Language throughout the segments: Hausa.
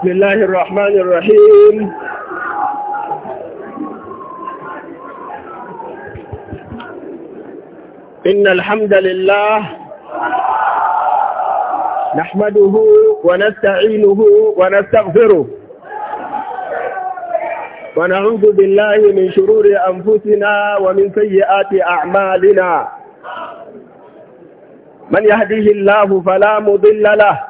بسم الله الرحمن الرحيم إن الحمد لله نحمده ونستعينه ونستغفره ونعوذ بالله من شرور أنفسنا ومن سيئات أعمالنا من يهديه الله فلا مضل له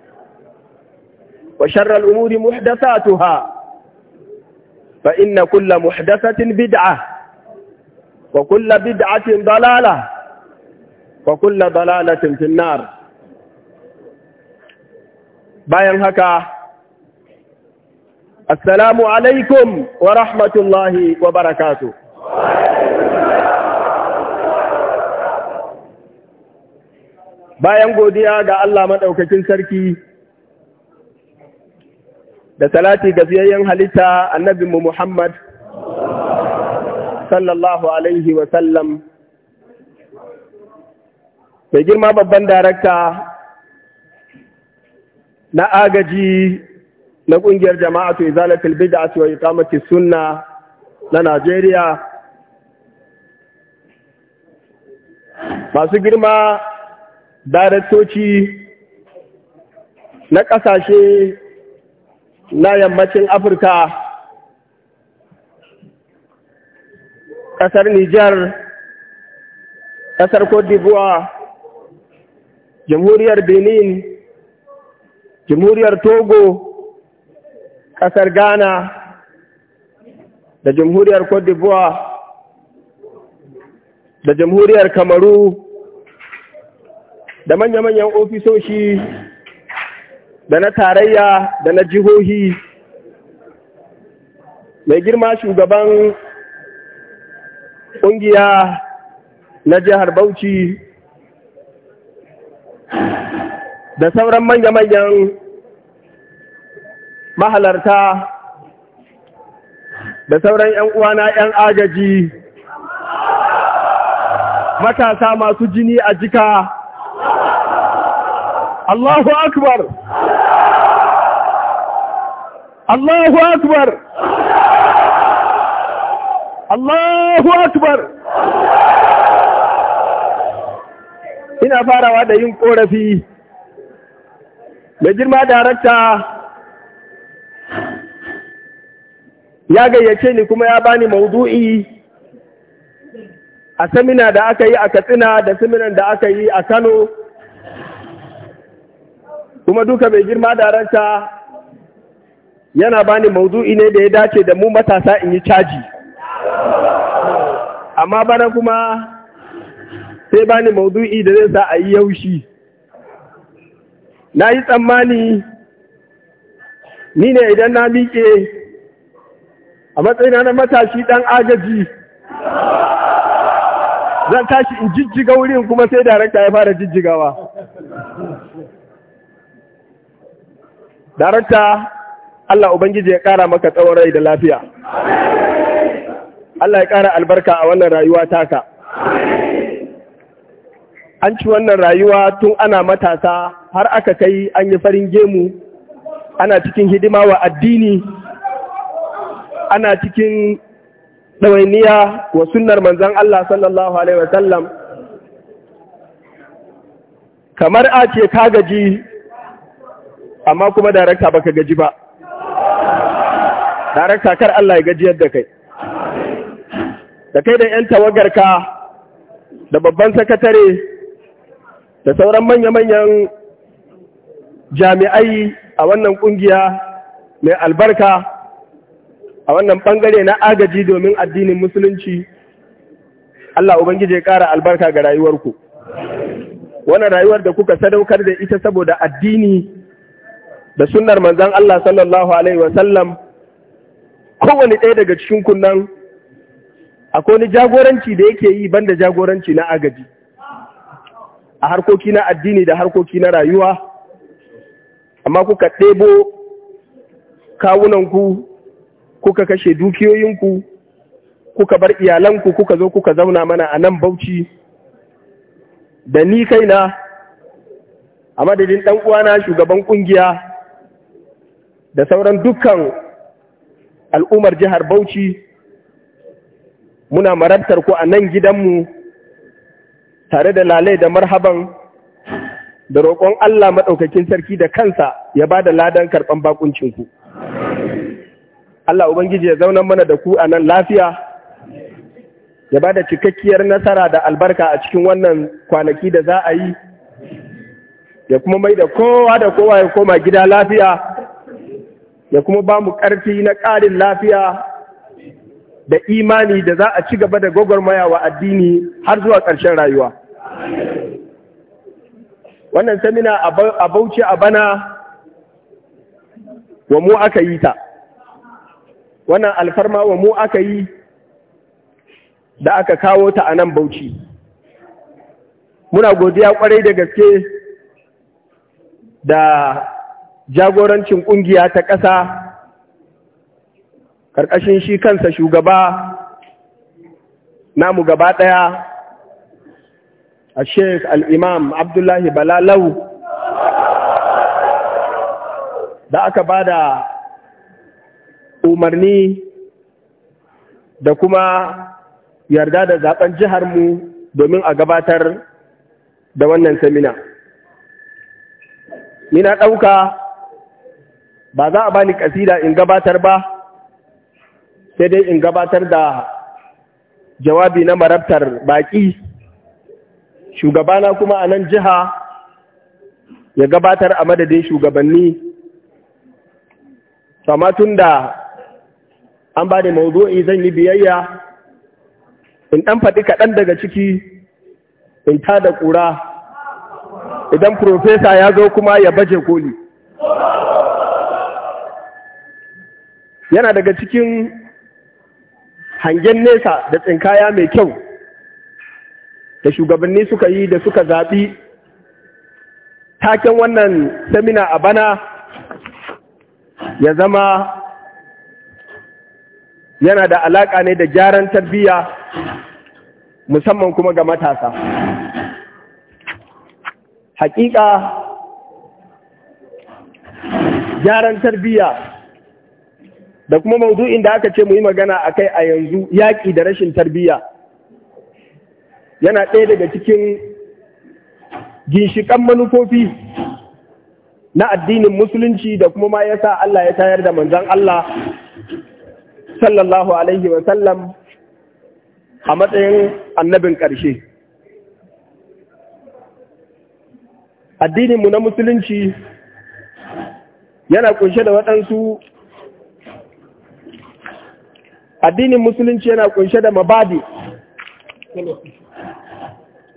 وشر الأمور محدثاتها فإن كل محدثة بدعة وكل بدعة ضلالة وكل ضلالة في النار باين هكا السلام عليكم ورحمة الله وبركاته باين قوديا قال الله من أوكتن سركي da salati ga siyayyen halitta annabinmu Muhammad sallallahu alaihi wa sallam mai girma babban darakta na agaji na ƙungiyar jama'atu izalatul bid'ati wa iqamati sunna na Najeriya masu girma daraktoci na ƙasashe na yammacin afirka ƙasar nijar ƙasar cote d'ivoire jamhuriyar benin jamhuriyar togo ƙasar ghana da jamhuriyar cote d'ivoire da jamhuriyar kamaru da manya-manyan ofisoshi da na tarayya da na jihohi mai girma shugaban ƙungiya na jihar Bauchi da sauran manya-manyan mahalarta da sauran 'yan uwana 'yan agaji matasa masu jini a jika Allahu Akbar! Allahu akbar Allahu akbar ina farawa da yin korafi da girma darakta ya gayyace ni kuma ya bani maudu'i a samina da aka yi a katsina da siminan da aka yi a kano kuma duka mai girma darakta yana ba ni maudu'i ne da ya dace da mu matasa in yi caji amma bana kuma sai bani maudu'i da zai sa a yi yaushi na yi tsammani ni ne idan na miƙe a matsayina na matashi ɗan agaji zan tashi in jijjiga wurin kuma sai darakta ya fara jijjigawa darakta Allah Ubangiji ya ƙara maka tsawon rai da lafiya. Allah ya ƙara albarka a wannan rayuwa taka. An ci wannan rayuwa tun ana matasa har aka kai an yi farin gemu, ana cikin hidima wa addini, ana cikin ɗawainiya wa sunnar manzan Allah sallallahu Alaihi wasallam. Kamar a ce ka gaji, amma kuma darakta baka gaji ba. darakta kar Allah ya gajiyar da kai da kai da 'yan tawagarka da babban sakatare da sauran manya-manyan jami'ai a wannan ƙungiya mai albarka a wannan ɓangare na agaji domin addinin musulunci Allah Ubangiji ya ƙara albarka ga rayuwarku wannan rayuwar da kuka sadaukar da ita saboda addini da sunnar manzan Allah sallallahu Alaihi wasallam kowane ɗaya daga cikin kunnan akwai wani jagoranci da yake yi banda jagoranci na agaji a harkoki na addini da harkoki na rayuwa amma kuka ɗebo kawunanku kuka kashe dukiyoyinku kuka bar iyalanku kuka zo kuka zauna mana a nan bauchi da ni kaina a madadin ɗan na shugaban ƙungiya da sauran dukkan al'ummar jihar Bauchi muna marabtar ku a nan gidanmu tare da lalai da marhaban da roƙon Allah maɗaukakin sarki da kansa ya ba da ladan karɓan bakuncinku. Allah Ubangiji ya zauna mana da ku a nan lafiya, ya ba da cikakkiyar nasara da albarka a cikin wannan kwanaki da za a yi, ya kuma mai da kowa da kowa ya koma gida lafiya, ya kuma ba mu ƙarfi na ƙarin lafiya da imani da za a ci gaba da gwagwarmaya wa addini har zuwa ƙarshen rayuwa. Wannan samina a Bauchi a bana wa mu aka yi ta, wannan alfarma wa mu aka yi da aka kawo ta a nan Bauchi. Muna godiya kwarai da gaske da jagorancin ƙungiya ta ƙasa ƙarƙashin shi kansa shugaba namu gaba ɗaya a sheik al'imam abdullahi balalau da aka ba da umarni da kuma yarda da zaben jiharmu domin a gabatar da wannan samina. Ni na ɗauka ba za a bani ƙasida in gabatar ba sai dai in gabatar da jawabi na marabtar baƙi. shugabana kuma a nan jiha ya gabatar a madadin shugabanni sama da an ba da mawuzo'i zan yi biyayya in ɗan faɗi kaɗan daga ciki in ta da ƙura idan profesa ya zo kuma ya baje koli yana daga cikin hangen nesa da tsinkaya mai kyau da shugabanni suka yi da suka zaɓi taken wannan samina a bana ya zama yana da alaƙa ne da gyaran tarbiyya musamman kuma ga matasa hakika gyaran tarbiyya da kuma maudu'in da aka ce mu yi magana a kai a yanzu yaƙi da rashin tarbiyya yana ɗaya daga cikin ginshiƙan manufofi na addinin musulunci da kuma ma ya sa Allah ya tayar da manzan Allah sallallahu alaihi wa sallam a matsayin annabin ƙarshe addininmu na musulunci yana kunshe da waɗansu addinin musulunci yana kunshe da mabadi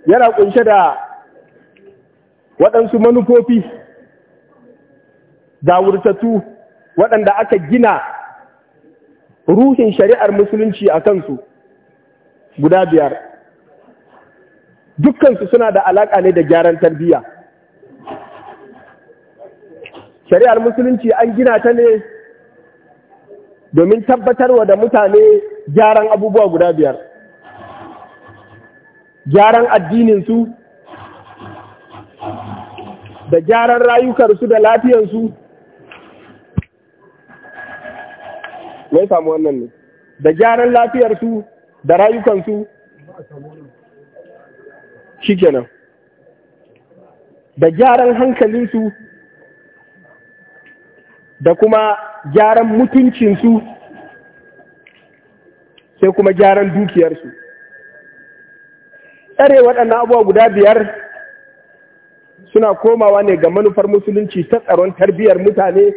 yana kunshe da waɗansu manufofi zawurtatu waɗanda aka gina ruhin shari'ar musulunci a kansu guda biyar dukkansu suna da alaƙa ne da gyaran tarbiyya shari'ar musulunci an gina ta ne domin tabbatarwa da mutane gyaran abubuwa guda biyar gyaran addininsu da gyaran rayukarsu da lafiyansu mai samu wannan ne da gyaran lafiyarsu da rayukansu shi kenan da gyaran hankalinsu da kuma gyaran mutuncinsu sai kuma gyaran dukiyarsu tsare waɗannan abuwa guda biyar suna komawa ne ga manufar musulunci ta tsaron tarbiyyar mutane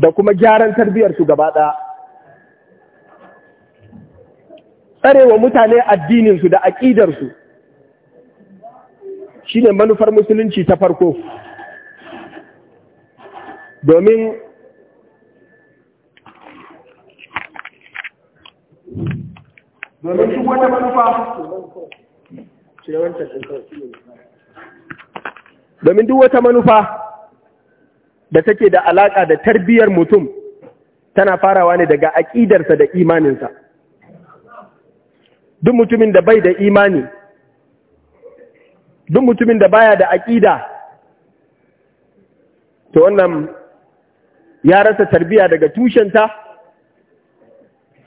da kuma gyaran tarbiyyarsu gaba ɗaya tsarewa mutane addininsu da aƙidarsu shi ne manufar musulunci ta farko domin domin duk wata manufa domin duk wata manufa da take da alaƙa da tarbiyyar mutum tana farawa ne daga aƙidarsa da imaninsa duk mutumin da bai da imani duk mutumin da baya da aƙida to wannan ya rasa tarbiya daga tushenta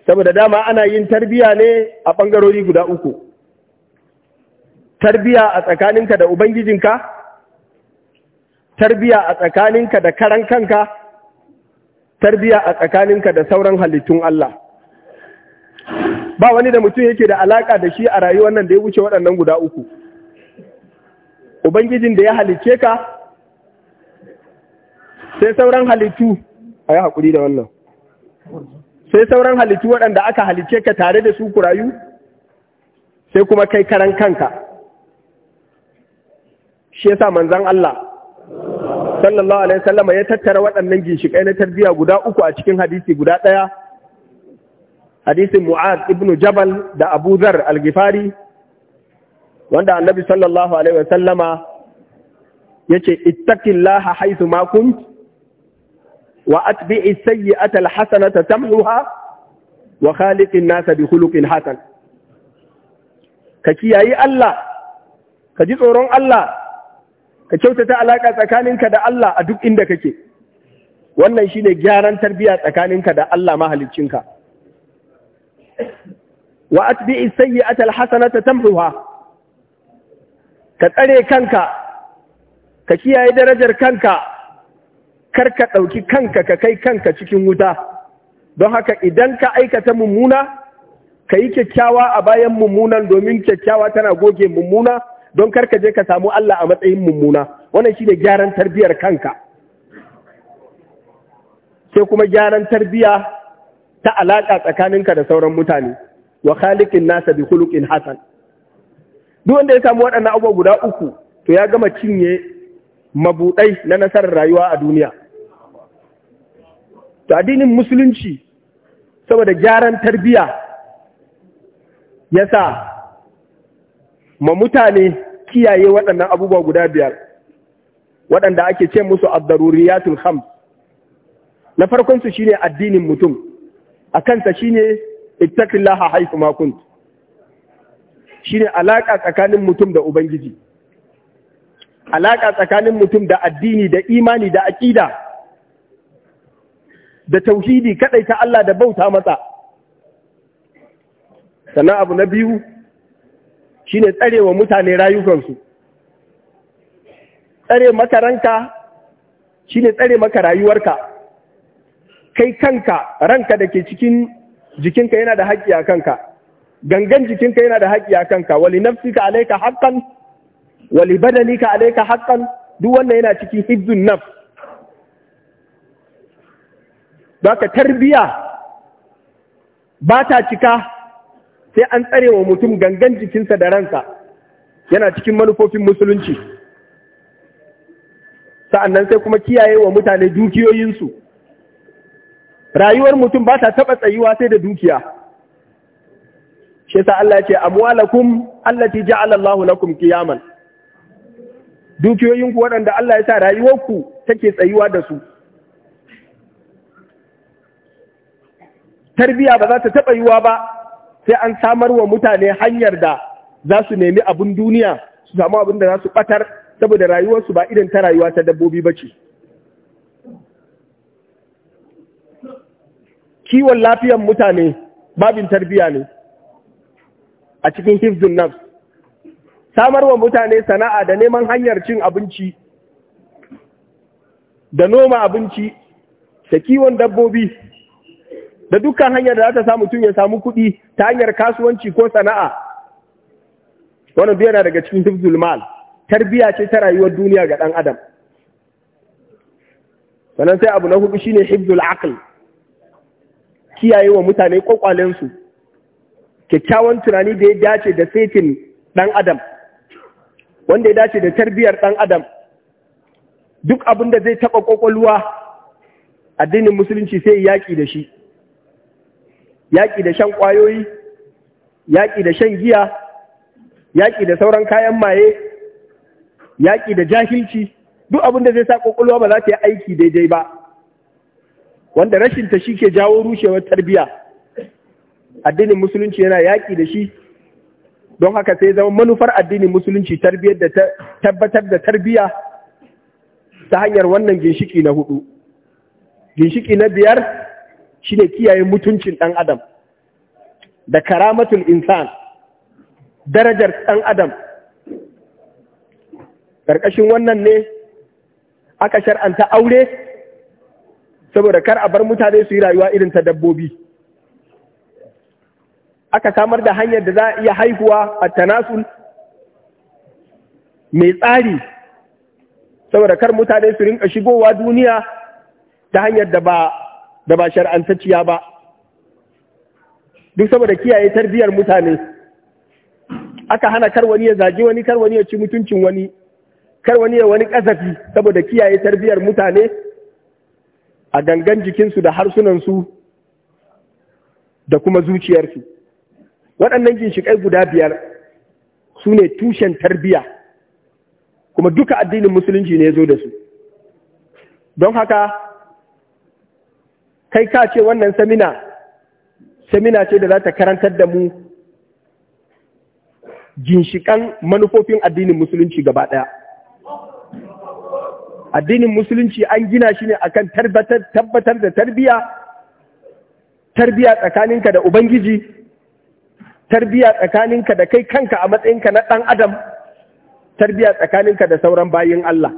saboda dama ana yin tarbiya ne a ɓangarori guda uku tarbiya a tsakaninka da ubangijinka tarbiya a tsakaninka da karan kanka tarbiya a tsakaninka da sauran halittun Allah ba wani da mutum yake da alaka da shi a rayuwar nan da ya wuce waɗannan guda uku ubangijin da ya halicce ka sai sauran halittu a yi haƙuri da wannan sai sauran halittu waɗanda aka halicce ka tare da su kurayu sai kuma kai karan kanka shi ya sa manzan Allah sallallahu alaihi sallama ya tattara waɗannan ginshiƙai na tarbiyya guda uku a cikin hadisi guda ɗaya hadisin Mu'ad ibnu jabal da abu zar al-gifari wanda annabi sallallahu alaihi wasallama ce ittakin laha haisu makunci wa atbi'i sayyi'ata alhasanata tamhuha wa khaliqin nasa bi khuluqin hasan ka kiyayi Allah ka ji tsoron Allah ka kyautata alaka tsakaninka da Allah a duk inda kake wannan shine gyaran tarbiyya tsakaninka da Allah mahaliccinka wa atbi'i sayyi'ata alhasanata tamhuha ka tsare kanka ka kiyaye darajar kanka kar ka ɗauki kanka ka kai kanka cikin wuta don haka idan ka aikata mummuna ka yi kyakkyawa a bayan mummunan domin kyakkyawa tana goge mummuna don karka je ka samu Allah a matsayin mummuna wannan ne gyaran tarbiyar kanka sai kuma gyaran tarbiya ta alaƙa tsakaninka da sauran mutane wa khaliqin nasa bi khuluqin hasan duk wanda ya samu waɗannan abubuwa guda uku to ya gama cinye mabuɗai na nasarar rayuwa a duniya to addinin musulunci saboda gyaran tarbiya ya sa ma mutane kiyaye waɗannan abubuwa guda biyar waɗanda ake ce musu abdaruriyatul ham na farkonsu shine addinin mutum a kansa shine laha haifu makunt Shi shine alaƙa tsakanin mutum da ubangiji alaƙa tsakanin mutum da addini da imani da aƙida da tauhidi kaɗai ta Allah da bauta masa sannan abu na biyu shi ne tsarewa mutane rayukansu tsare makaranka ne tsare maka rayuwarka kai kanka ranka da ke cikin jikinka yana da haƙƙi a kanka gangan jikinka yana da haƙƙi a kanka wali nafsika alaika haƙƙan? wa ka ka ka haƙƙan duk wannan yana cikin hizzun naf ka tarbiya ba ta cika sai an tsare wa mutum gangan jikinsa da ransa yana cikin manufofin musulunci sa'annan sai kuma kiyaye wa mutane dukiyoyinsu rayuwar mutum ba ta taɓa tsayuwa sai da dukiya shi sa Allah ce amwalakum allati ja'ala Allahu lakum qiyaman dukiyoyinku waɗanda Allah ya sa rayuwarku take tsayuwa da su tarbiya ba za ta taɓa yiwa ba sai an samar wa mutane hanyar da za su nemi abin duniya su samu abin da za su ɓatar saboda rayuwarsu ba irin ta rayuwa ta dabbobi ba ce kiwon lafiyan mutane babin tarbiya ne a cikin hifzun nafs samar wa mutane sana'a da neman hanyar cin abinci da noma abinci da kiwon dabbobi da dukkan hanyar da za ta samu mutum ya samu kuɗi ta hanyar kasuwanci ko sana'a wannan duk yana daga cikin hibzul mal tarbiya ce ta rayuwar duniya ga ɗan adam sannan sai abu na hudu shine hifzul aql kiyaye wa mutane ƙwaƙwalensu, kyakkyawan tunani da ya dace da setin ɗan adam wanda ya dace da tarbiyar ɗan adam duk abin da zai taɓa ƙwaƙwalwa addinin musulunci sai yaƙi da shi yaƙi da shan ƙwayoyi yaƙi da shan giya yaƙi da sauran kayan maye yaƙi da jahilci duk abin da zai sa ƙwaƙwalwa ba za ta yi aiki daidai ba wanda rashin ta shi ke jawo rushewar tarbiyya addinin musulunci yana yaƙi da shi don haka sai zama manufar addinin musulunci tarbiyyar da tabbatar da tarbiyya ta hanyar wannan ginshiki na hudu ginshiki na biyar shine kiyaye mutuncin ɗan adam da karamatul insan darajar ɗan adam ƙarƙashin wannan ne aka shar'anta aure saboda kar a bar mutane su yi rayuwa irin ta dabbobi aka samar da hanyar da za a iya haihuwa a tanasul mai tsari saboda kar mutane su rinka shigowa duniya ta hanyar da ba shar'antacciya ba duk saboda kiyaye tarbiyyar mutane aka hana kar wani ya zagi wani kar wani ya ci mutuncin wani kar wani ya wani kasafi saboda kiyaye tarbiyyar mutane a gangan jikinsu da harsunansu da kuma zuciyarsu waɗannan ginshiƙai guda biyar su ne tushen tarbiya kuma duka addinin musulunci ne ya zo da su don haka kai ka ce wannan samina samina ce da za ta karantar da mu ginshiƙan manufofin addinin musulunci gaba ɗaya addinin musulunci an gina shi ne akan tabbatar da tarbiya tarbiya tsakaninka da ubangiji tarbiya tsakaninka da kai kanka a matsayinka na ɗan adam tarbiya tsakaninka da sauran bayin Allah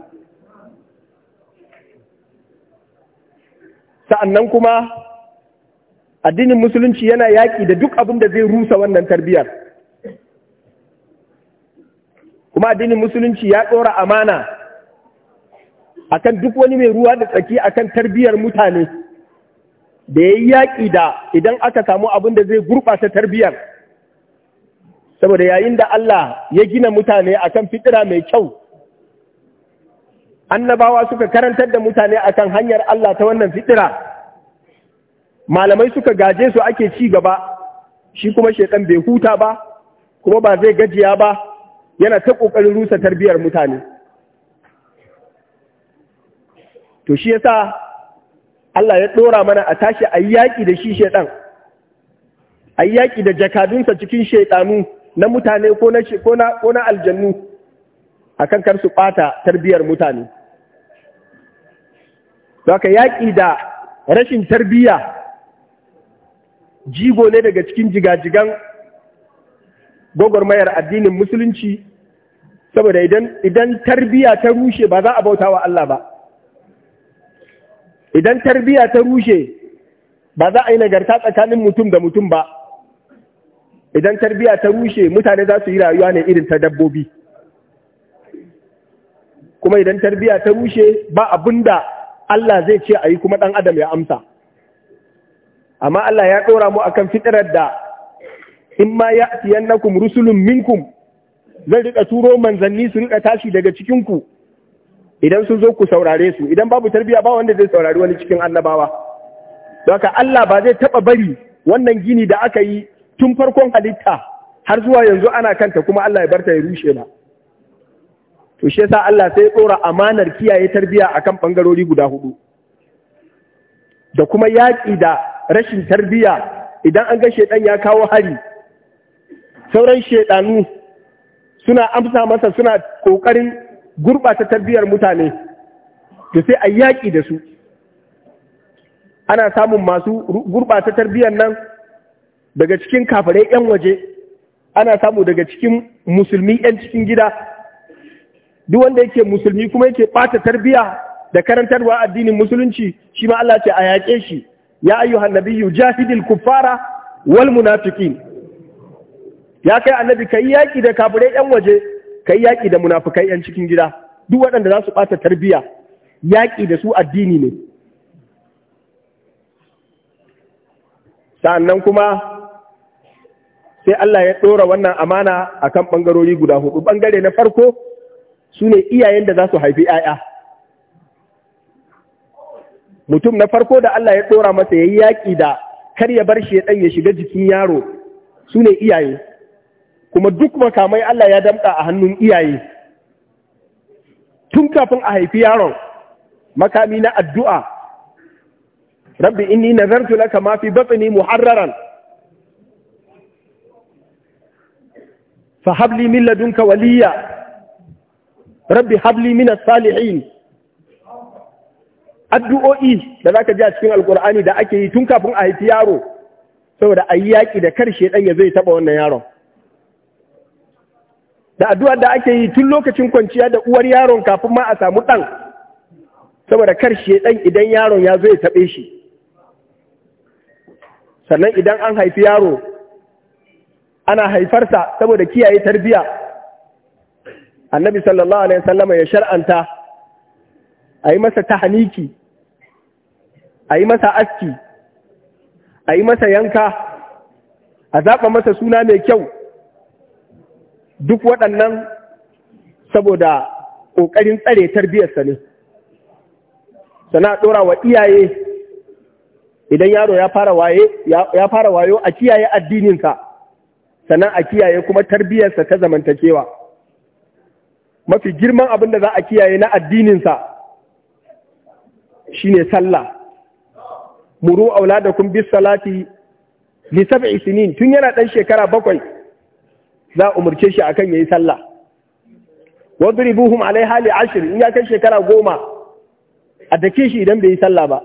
sa'annan kuma addinin musulunci yana yaƙi da duk abin da zai rusa wannan tarbiyar kuma addinin musulunci ya tsora amana akan duk wani mai ruwa da tsaki akan tarbiyar mutane da ya yi yaƙi da idan aka samu abin da zai gurɓata tarbiyar saboda yayin da Allah ya gina mutane akan fitira mai kyau annabawa suka karantar da mutane akan hanyar Allah ta wannan fitira malamai suka gaje su ake ci gaba shi kuma shekan bai huta ba kuma ba zai gajiya ba yana ta ƙoƙarin rusa tarbiyyar mutane to shi yasa Allah ya ɗora mana a tashi a yi yaƙi da shi shedan a yi yaƙi da jakadunsa cikin shaiɗanu na mutane ko na ko na aljannu akan kar su ɓata tarbiyar mutane ka yaƙi da rashin tarbiyya jigo ne daga cikin jigajigan gwagwarmayar addinin musulunci saboda idan tarbiyya ta rushe ba za a bauta wa Allah ba idan tarbiyya ta rushe ba za a yi nagarta tsakanin mutum da mutum ba idan tarbiya ta rushe mutane za su yi rayuwa ne irin ta dabbobi kuma idan tarbiya ta rushe ba abin da Allah zai ce a yi kuma ɗan adam ya amsa amma Allah ya ɗora mu akan fitarar da in ma ya tiyannakum rusulun minkum zai rika turo manzanni su riƙa tashi daga cikinku idan sun zo ku saurare su idan babu tarbiya ba wanda zai saurari wani cikin annabawa don haka Allah ba zai taɓa bari wannan gini da aka yi tun farkon halitta har zuwa yanzu ana kanta kuma Allah ya barta ya rushe ba to shi yasa Allah sai ya amanar kiyaye tarbiyya akan ɓangarori guda hudu da kuma yaƙi da rashin tarbiyya idan an ga shaidan ya kawo hari sauran shaidanu suna amsa masa suna ƙoƙarin gurɓata tarbiyyar mutane to sai a yaƙi da su ana samun masu gurɓata tarbiyyar nan daga cikin kafirai 'yan waje ana samu daga cikin musulmi 'yan cikin gida duk wanda yake musulmi kuma yake ɓata tarbiya da karantarwa addinin musulunci shi ma Allah ce a yaƙe shi ya ayyuhan nabiyyu jahidil kuffara wal munafiqin ya kai annabi kai yaƙi da kafirai 'yan waje kai yaƙi da munafikai 'yan cikin gida duk waɗanda za su ɓata tarbiya yaƙi da su addini ne sa'annan kuma sai Allah ya ɗora wannan amana a kan ɓangarori guda hudu ɓangare na farko su ne iyayen da za su haifi ‘ya'ya mutum na farko da Allah ya ɗora masa ya yi yaƙi da kar ya bar shi ya shiga jikin yaro su ne iyaye kuma duk makamai Allah ya damta a hannun iyaye tun kafin a haifi yaron makami na addu'a rabbi inni nazartu laka ma fi batni muharraran fa habli min ladunka waliya rabbi habli min as-salihin addu'o'i da za ka ji a cikin alkur'ani da ake yi tun kafin a haifi yaro saboda a yi yaƙi da karshe ɗan ya zai taɓa wannan yaron da addu'ar da ake yi tun lokacin kwanciya da uwar yaron kafin ma a samu ɗan saboda karshe ɗan idan yaron ya zo ya taɓe shi sannan idan an haifi yaro ana haifarsa saboda kiyaye tarbiya annabi sallallahu alaihi wasallama ya shar'anta a yi masa tahaniki a yi masa aski a yi masa yanka a zaɓa masa suna mai kyau duk waɗannan saboda ƙoƙarin tsare tarbiyarsa ne sana ɗora wa iyaye idan yaro ya fara wayo a kiyaye addininsa sannan a kiyaye kuma tarbiyyarsa ta zamantakewa mafi girman abin da za a kiyaye na addininsa shine sallah muru auladakum bis salati li sab'i sinin tun yana ɗan shekara bakwai za a umarce shi akan yayi sallah wadribuhum alai hali ashir in ya kai shekara goma a dake shi idan bai yi sallah ba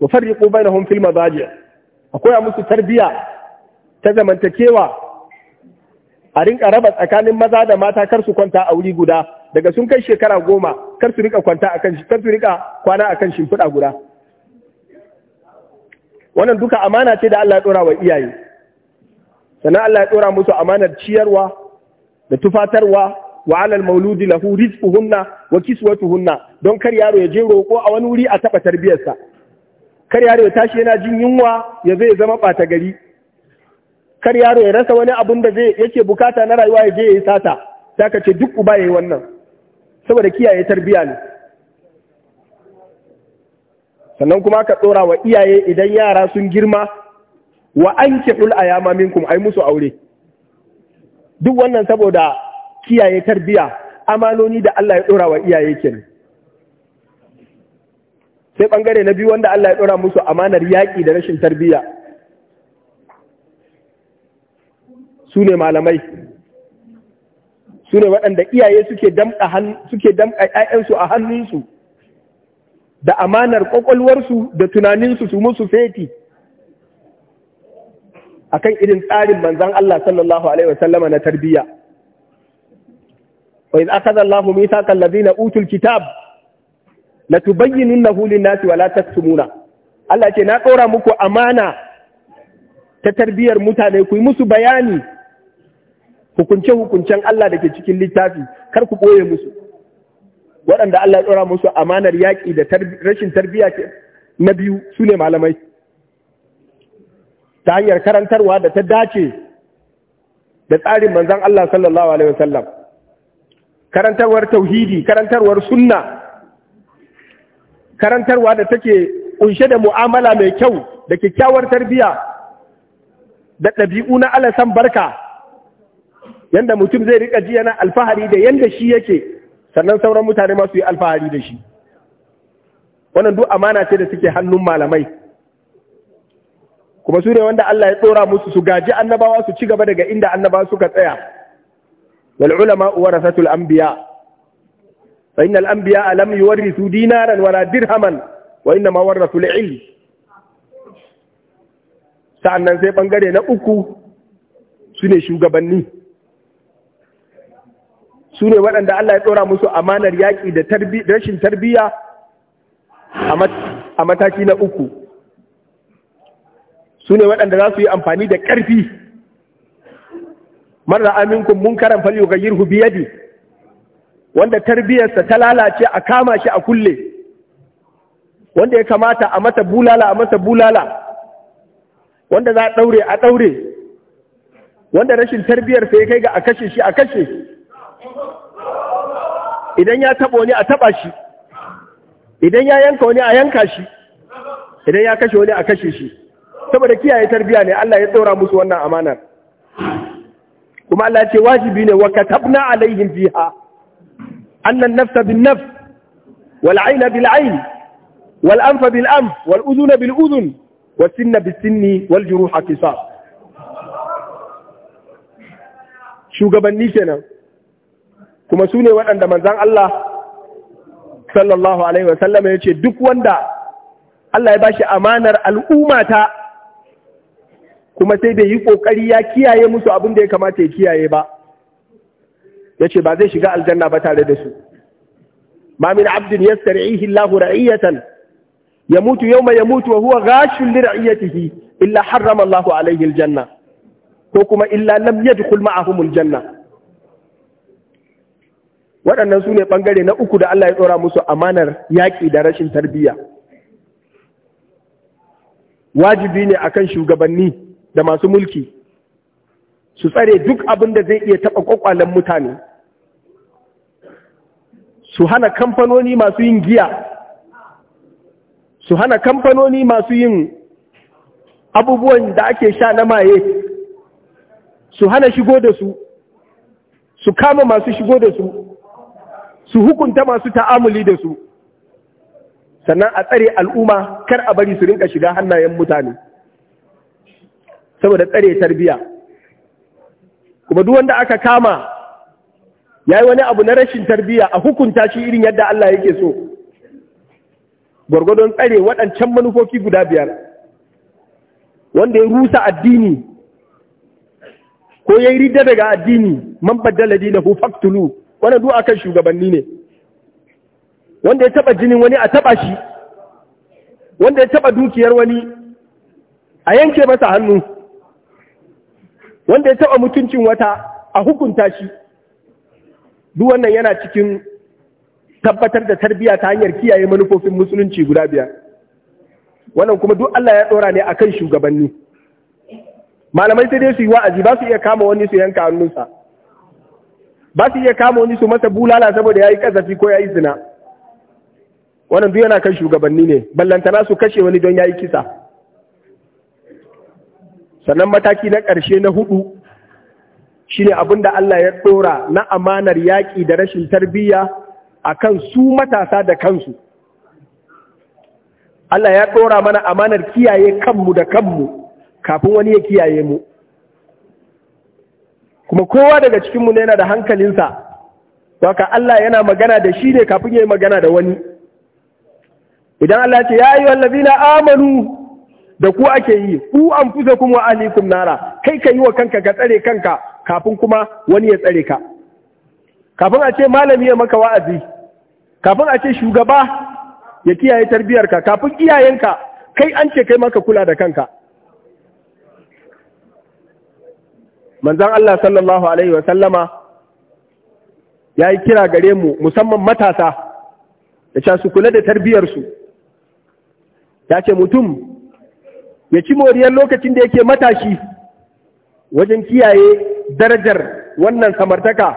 wa farriqu bainahum fil madaji akwai musu tarbiyya ta zamantakewa a rinka raba tsakanin maza da mata kar su kwanta a wuri guda daga sun kai shekara goma kar su rika kwanta kar kwana akan shimfiɗa guda wannan duka amana ce da Allah ya dora wa iyaye sannan Allah ya dora musu amanar ciyarwa da tufatarwa wa alal mauludi lahu rizquhunna wa kiswatuhunna don kar yaro ya je roƙo a wani wuri a taɓa tarbiyarsa kar yaro ya tashi yana jin yunwa ya zai zama ɓata gari kar yaro ya rasa wani abun da yake bukata na rayuwa ya je ya yi sata ta ka ce duk uba ya yi wannan saboda kiyaye tarbiya ne sannan kuma ka ɗora wa iyaye idan yara sun girma wa an kiɗul a yama minkum ai musu aure duk wannan saboda kiyaye tarbiya amanoni da Allah ya ɗora wa iyaye kenan sai ɓangare na biyu wanda Allah ya ɗora musu amanar yaƙi da rashin tarbiyya su ne malamai su ne waɗanda iyaye suke damƙa ‘ya'yansu a hannunsu da amanar ƙwaƙwalwarsu da tunaninsu su musu feti a kan irin tsarin manzan Allah sallallahu Alaihi wasallama na tarbiyya. Wa iz akaza Allah mithaqal ladina utul kitab la tubayyinunahu lin-nasi wa la taktumuna. Allah ce na ɗora muku amana ta tarbiyyar mutane ku yi musu bayani hukunce-hukuncen Allah da ke cikin littafi kar ku ɓoye musu waɗanda Allah ya ɗora musu amanar yaƙi da rashin tarbiyya na biyu su ne malamai ta hanyar karantarwa da ta dace da tsarin manzan Allah sallallahu alaihi wasallam karantarwar tauhidi karantarwar sunna karantarwa da take kunshe da mu'amala mai kyau da kyakkyawar tarbiyya da ɗabi'u na allah san barka yanda mutum zai rika ji yana alfahari da yanda shi yake sannan sauran mutane masu yi alfahari da shi wannan duk amana ce da suke hannun malamai kuma su ne wanda Allah ya tsora musu su gaji annabawa su ci gaba daga inda annabawa suka tsaya wal ulama warasatul anbiya fa innal anbiya lam yuwarithu dinaran wala dirhaman wa inna ma warathu al ilm sa'annan sai bangare na uku su ne shugabanni su ne waɗanda Allah ya ɗora musu amanar yaƙi da rashin tarbiyya a mataki na uku su ne waɗanda za su yi amfani da ƙarfi marar aminkun munkaran fal ga bi yadi wanda tarbiyyarsa ta lalace a kama shi a kulle wanda ya kamata a masa bulala a masa bulala wanda za a ɗaure a ɗaure wanda rashin tarbiyyarsa ya kai ga a kashe shi a kashe idan ya taɓa wani a taɓa shi idan ya yanka wani a yanka shi idan ya kashe wani a kashe shi saboda kiyaye tarbiya ne Allah ya tsora musu wannan amanar kuma Allah ya ce wajibi ne wa katabna alaihim fiha annan nafsa bin nafs wal aina bil ain wal anfa bil anf wal udhuna bil udhun was sinna bis sinni wal juruha qisas shugabanni kenan kuma su ne waɗanda manzan Allah sallallahu alaihi wasallam ya ce duk wanda Allah ya bashi amanar ta, kuma sai bai yi ƙoƙari ya kiyaye musu abin da ya kamata ya kiyaye ba ya ce ba zai shiga aljanna ba tare da su ma min abdin yastari'ihi Allahu ra'iyatan yamutu ya mutu, wa huwa gashin li ra'iyatihi illa harrama Allahu alaihi aljanna ko kuma illa lam yadkhul ma'ahum aljanna waɗannan su ne ɓangare na uku da Allah ya tsora musu amanar yaƙi da rashin tarbiyya wajibi ne akan shugabanni da masu mulki su tsare duk abin da zai iya taɓa ƙwaƙwalen mutane su hana kamfanoni masu yin giya su hana kamfanoni masu yin abubuwan da ake sha na maye su hana shigo da su su kama masu shigo da su su hukunta masu ta'amuli da su sannan a tsare al'umma kar a bari su rinka shiga hannayen mutane saboda tsare tarbiya kuma duk wanda aka kama yayi wani abu na rashin tarbiya a hukunta shi irin yadda Allah yake so gwargwadon tsare waɗancan manufofi guda biyar wanda ya rusa addini ko ya yi ridda daga addini man baddala dinahu faktulu wani duk akan shugabanni ne wanda ya taba jinin wani a taba shi wanda ya taba dukiyar wani a yanke masa hannu wanda ya taba mutuncin wata a hukunta shi duk wannan yana cikin tabbatar da tarbiyya ta hanyar kiyaye manufofin musulunci guda biyar wannan kuma duk Allah ya ɗora ne akan shugabanni malamai sai dai su yi wa'azi ba su iya kama wani su yanka hannunsa ba su iya kama wani su masa bulala saboda ya yi kazafi ko ya yi zina wannan duk yana kan shugabanni ne ballantana su kashe wani don ya yi kisa sannan mataki na ƙarshe na hudu shine abin da Allah ya ɗora na amanar yaƙi da rashin tarbiyya a kan su matasa da kansu Allah ya ɗora mana amanar kiyaye kanmu da kanmu kafin wani ya kiyaye mu kuma kowa daga cikinmu yana da hankalinsa Saka Allah yana magana da shi ne kafin ya yi magana da wani idan Allah ce ya yi wallabi na amanu da ku ake yi ku an fusa kuma wa alikum nara kai ka yi wa kanka ka tsare kanka kafin kuma wani ya tsare ka kafin a ce malami ya maka wa'azi kafin a ce shugaba ya kiyaye tarbiyarka kafin iyayenka kai an ce kai maka kula da kanka manzan Allah sallallahu Alaihi wasallama ya yi kira gare mu musamman matasa da sha su kula da tarbiyarsu, ya ce mutum ya ci moriyar lokacin da yake matashi wajen kiyaye darajar wannan samartaka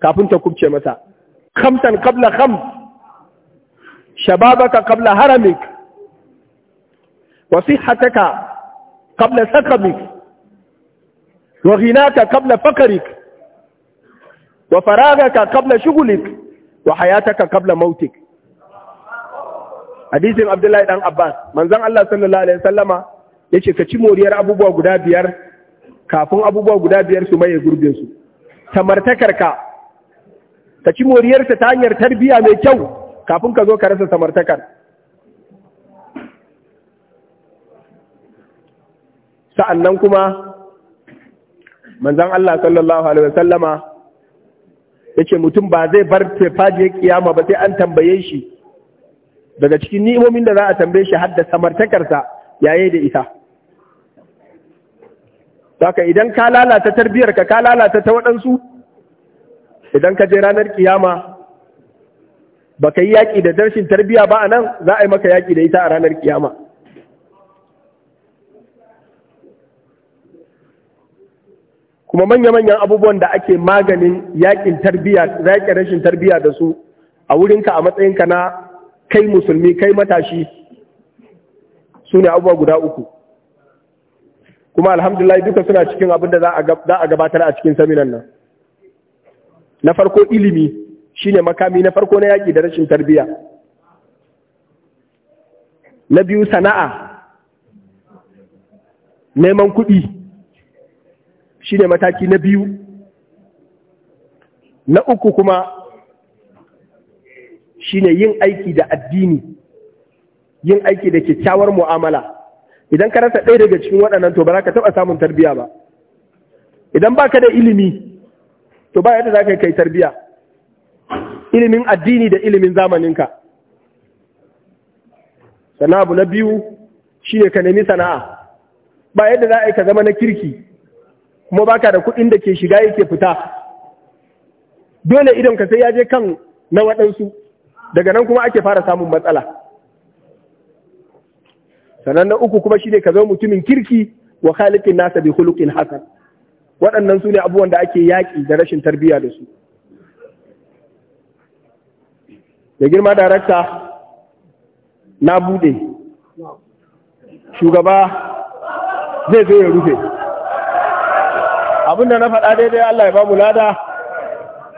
kafin ta kubce masa kamsan kabla kam, shababaka kabla haramik wasu hataka kabla sakamik وغناك قبل فكرك fakarik قبل شغلك وحياتك قبل wa حديث عبد mautik بن abdullahi dan abbas manzon Allah sallallahu alaihi وسلم yace ka ci moriyar abubuwa guda biyar kafin abubuwa guda biyar su maye gurbin su samartakarka ka ci moriyarsa ta hanyar tarbiya mai kyau kafin ka zo ka rasa samartakar sa'annan kuma Manzan Allah sallallahu alaihi wasallama ce mutum ba zai bar fafajiyar kiyama ba sai an tambaye shi daga cikin ni'imomin da za a tambaye shi da samartakarsa yayi da ita Saka idan ka lalata tarbiyarka ka lalata ta waɗansu idan ka je ranar kiyama baka yi yaƙi da darshin tarbiya ba a nan za a yi maka yaƙi da ita a ranar kiyama. kuma manya-manyan abubuwan da ake maganin yakin tarbiya yakin rashin tarbiyya da su a wurinka a matsayinka na kai musulmi kai matashi su ne abubuwa guda uku kuma alhamdulillah duka suna cikin abin da za a gabatar a cikin saminan nan na farko ilimi shine makami na farko na yaki da rashin tarbiyya. na biyu sana'a neman kuɗi shine mataki na biyu na uku kuma shine yin aiki da addini yin aiki da kyakkyawar mu'amala idan ka rasa ɗaya daga cikin waɗannan to ba za ka taɓa samun tarbiyya ba idan ba ka da ilimi to ba yadda za ka kai tarbiyya ilimin addini da ilimin zamaninka sana abu na biyu shi ne ka nemi sana'a ba yadda za a yi ka zama na kirki kuma baka da kuɗin da ke shiga yake fita dole idan ka sai ya je kan na waɗansu daga nan kuma ake fara samun matsala sannan na uku kuma shine ka zama mutumin kirki wa khaliqin nasa bi khuluqin hasan waɗannan su ne abubuwan da ake yaƙi da rashin tarbiyya da su da girma darakta na bude. shugaba zai zo ya rufe abinda na faɗa daidai Allah ya ba mu lada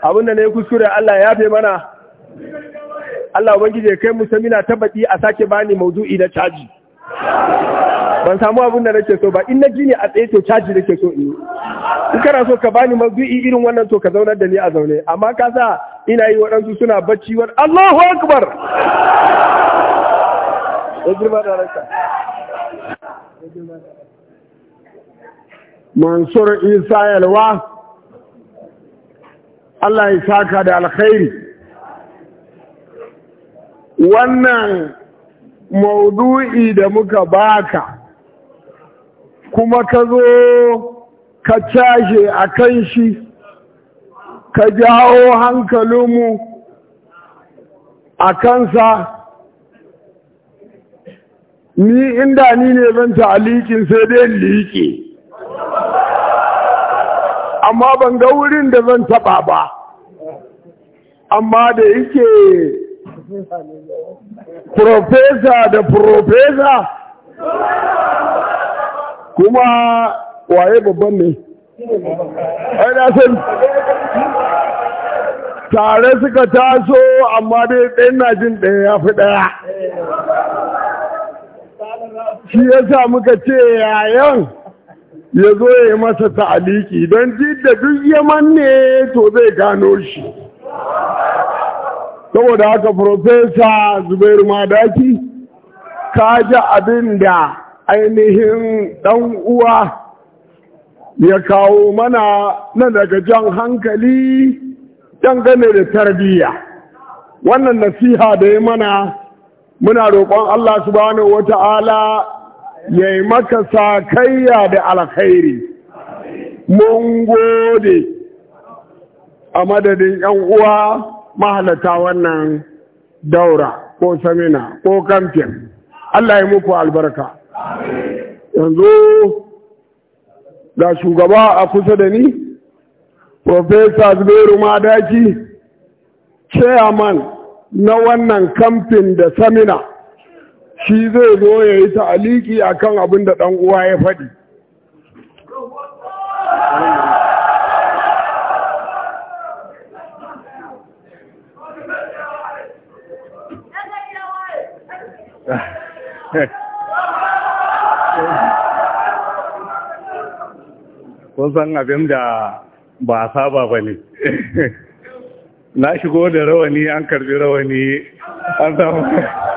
abinda yi kuskure Allah ya yafe mana Allah ubangiji ya kai mu samina tabbaci a sake bani maudu'i na caji ban samu abin da nake so ba in na gini a tsaye to caji nake so in in kana so ka bani maudu'i irin wannan to ka zaunar da ni a zaune amma ka sa ina yi waɗansu suna bacci wa Allahu akbar ya mansur isa yalwa Allah ya saka da alkhairi wannan maudu'i da muka baka kuma ka zo ka cashe akan shi ka jawo hankalinmu a kansa ni inda ni ne ban ta'alikin sai dai liƙe amma ban ga wurin da zan taɓa ba amma da yake profesa da profesa kuma waye babban ne ai na san tare suka taso amma dai ɗayan na ɗaya ya fi ɗaya shi ya yasa muka ce yayan ya zo ya yi masa ta'aliki don da duk yaman ne to zai gano shi saboda haka profesa zubairu madaki ka ji abin da ainihin dan uwa ya kawo mana na daga jan hankali dangane da tarbiyya wannan nasiha da ya mana muna roƙon Allah subhanahu ta'ala. ya yi maka sakayya da alkhairi mun gode a madadin ‘yan uwa mahalata wannan daura ko samina ko kamfin Allah ya muku albarka yanzu ga shugaba a kusa da ni Profesa Zubairu Madaki chairman na wannan kamfin da samina shi zai zo ya yi ta'aliki a kan abin da ɗan'uwa ya faɗi. Kun san abin da ba saba ba ne. Na shigo da rawani an karbi rawani an samu.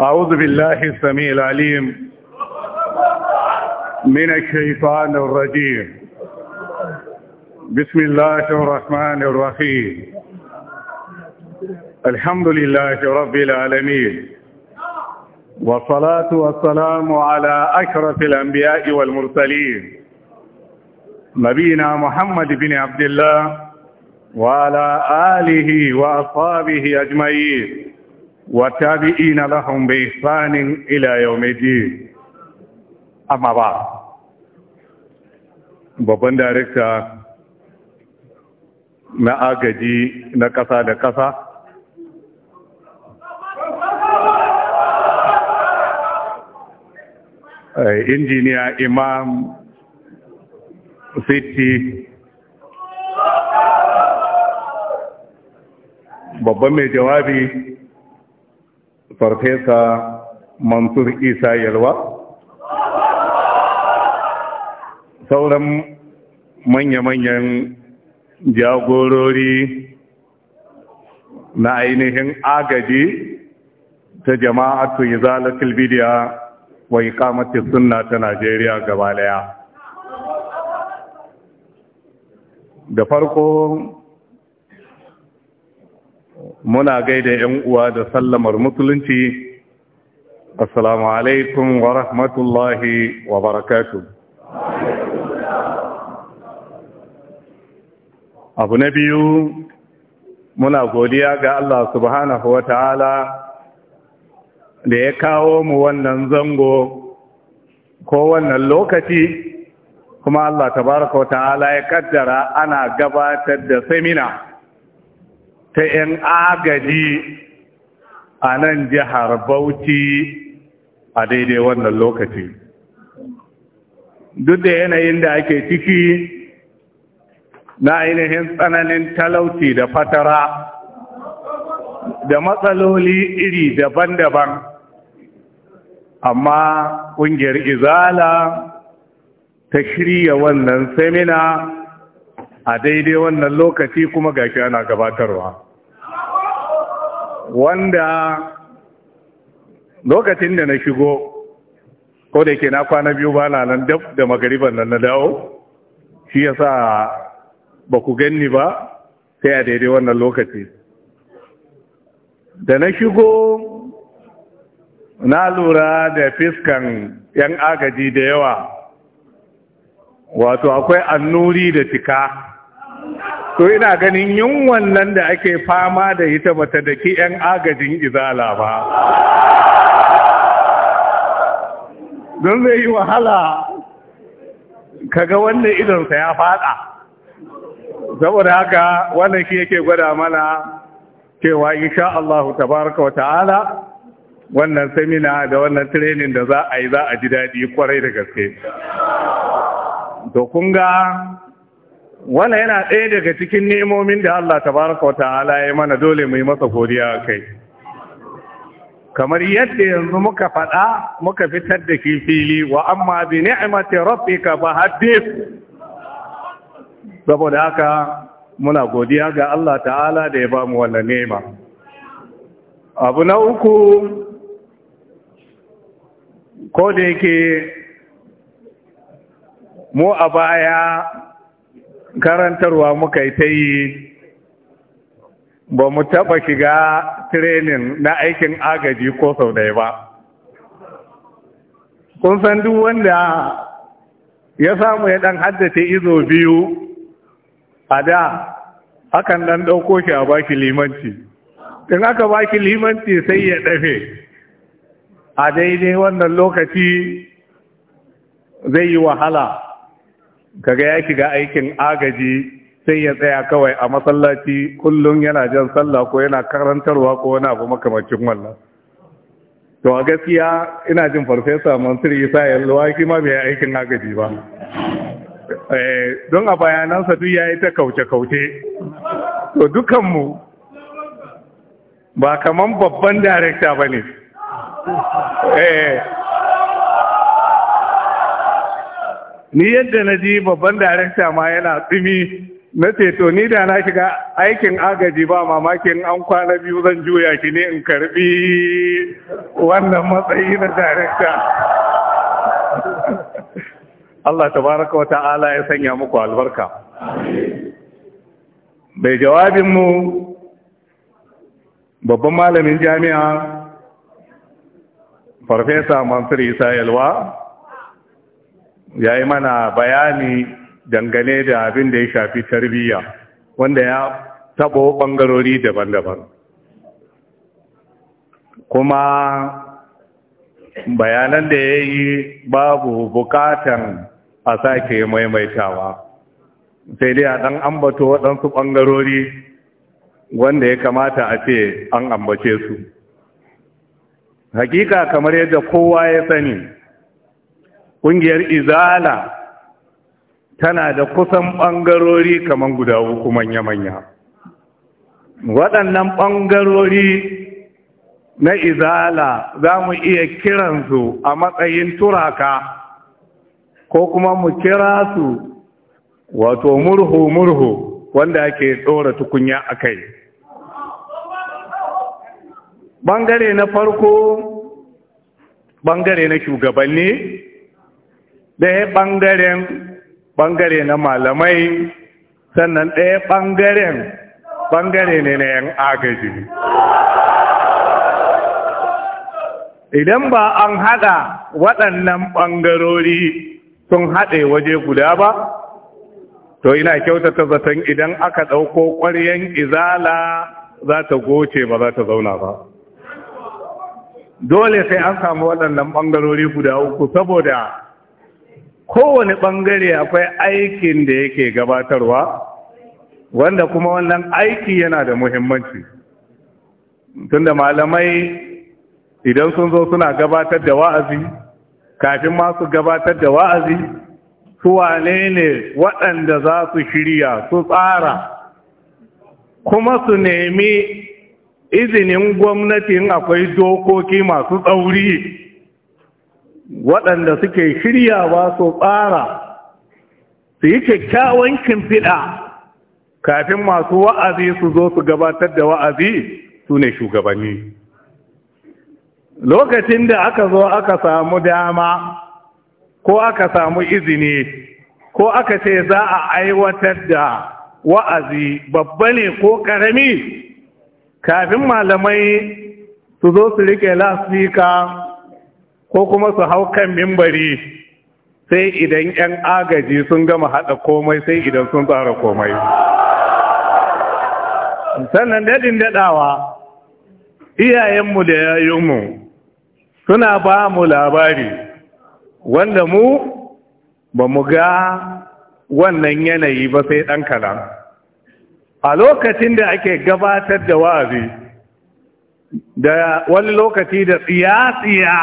أعوذ بالله السميع العليم من الشيطان الرجيم بسم الله الرحمن الرحيم الحمد لله رب العالمين والصلاة والسلام على أشرف الأنبياء والمرسلين نبينا محمد بن عبد الله وعلى آله وأصحابه أجمعين والتابعين لهم بإحسان إلى يوم الدين amma ba. babban darekta na agaji na ƙasa da ƙasa injiniya imam city babban mai jawabi farfesa mansur isa yalwa sauran manya-manyan jagorori na ainihin agaji ta jama'atu zalatul bidiya wa iqamatis sunna ta Najeriya gabalaya da farko muna gaida yan uwa da sallamar musulunci assalamu alaikum wa rahmatullahi wa barakatuh abu na biyu muna godiya ga Allah subhanahu wa ta'ala da ya kawo mu wannan zango ko wannan lokaci kuma Allah tabaraka wa ta'ala ya kaddara ana gabatar da semina ta 'yan agadi a nan jihar Bauchi a daidai wannan lokaci. Duk da yanayin da ake ciki na ainihin tsananin talauci da fatara da matsaloli iri daban-daban, amma ƙungiyar Izala ta shirya wannan semina a daidai wannan lokaci kuma gashi ana gabatarwa. wanda lokacin da na shigo ko da ke na kwana biyu ba na nan da magariban nan na dawo shi ya sa ba ku ganni ba sai a daidai wannan lokaci da na shigo na lura da fiskan 'yan agaji da yawa wato akwai annuri da cika to ina ganin yin wannan da ake fama da ita bata daki 'yan agajin izala ba don zai yi wahala kaga wannan idonsa ya fada saboda haka wannan shi yake gwada mana cewa insha Allah tabaraka wa ta'ala wannan semina da wannan training da za a yi za a ji daɗi kwarai da gaske to kun wannan yana ɗaya daga cikin nemomin da Allah tabaraka wata'ala ya mana dole mu masa godiya kai kamar yadda yanzu muka faɗa muka fitar da fili, wa amma bi ni'mati rabbika fahaddith saboda haka muna godiya ga Allah ta'ala da ya bamu wannan nema abu na uku ko da yake mu a baya karantarwa muka yi ta yi ba mu taɓa shiga tirenin na aikin agaji ko sau ɗaya ba kun san duk wanda ya samu ya ɗan haddace izo biyu a da hakan ɗan ɗauko shi a baki limanci in aka baki limanci sai ya ɗafe a daidai wannan lokaci zai yi wahala kaga ya shiga aikin agaji sai ya tsaya kawai a masallaci kullum yana jan sallah ko yana karantarwa ko wani abu makamacin wannan to a gaskiya ina jin farfesa mansur isa yalwa shi ma bai aikin agaji ba eh, don a bayanansa duk ya yi ta kauce-kauce to dukanmu ba kaman babban darekta ba ne eh, ni yadda na ji babban darakta ma yana tsimi na ceto ni da na shiga aikin agaji ba mamakin an kwana biyu zan juya ki ne in karbi wannan matsayi na darakta Allah tabaraka wa ta'ala ya sanya muku albarka bai jawabinmu babban malamin jami'a farfesa mansur isa yalwa ya yi mana bayani dangane da abin da ya shafi tarbiyya wanda ya tabo ɓangarori daban-daban kuma bayanan da ya yi babu bukatan a sake maimaitawa sai dai a ɗan ambato waɗansu ɓangarori wanda ya kamata a ce an ambace su hakika kamar yadda kowa ya sani ƙungiyar izala tana da kusan ɓangarori kamar guda uku manya-manya waɗannan ɓangarori na izala za mu iya kiransu a matsayin turaka ko kuma mu kira su wato murhu-murhu wanda ake tsora tukunya a kai ɓangare na farko ɓangare na shugabanni ɗaya ɓangaren ɓangare na malamai sannan ɗaya ɓangaren ɓangare ne na ‘yan agaji idan ba an haɗa waɗannan ɓangarori sun haɗe waje guda ba to ina kyautata zaton idan aka ɗauko ƙwaryen izala za ta goce ba za ta zauna ba dole sai an samu waɗannan ɓangarori guda uku saboda kowane ɓangare akwai aikin da yake gabatarwa wanda kuma wannan aiki yana da muhimmanci tunda malamai idan sun zo suna gabatar da wa'azi kafin masu gabatar da wa'azi su wane ne waɗanda za su shirya su tsara kuma su nemi izinin gwamnatin akwai dokoki masu tsauri waɗanda suke shirya ba su tsara su yi kyakkyawan kimfiɗa kafin masu wa'azi su zo su gabatar da wa'azi su ne shugabanni lokacin da aka zo aka samu dama ko aka samu izini ko aka ce za a aiwatar da wa'azi babba ne ko ƙarami kafin malamai su zo su riƙe lafika. ko kuma su hau kan mimbari sai idan 'yan agaji sun gama haɗa komai sai idan sun tsara komai sannan daɗin daɗawa iyayenmu da yayinmu suna ba mu labari wanda mu ba mu ga wannan yanayi ba sai ɗan kalan a lokacin da ake gabatar da wa'azi da wani lokaci da tsiya-tsiya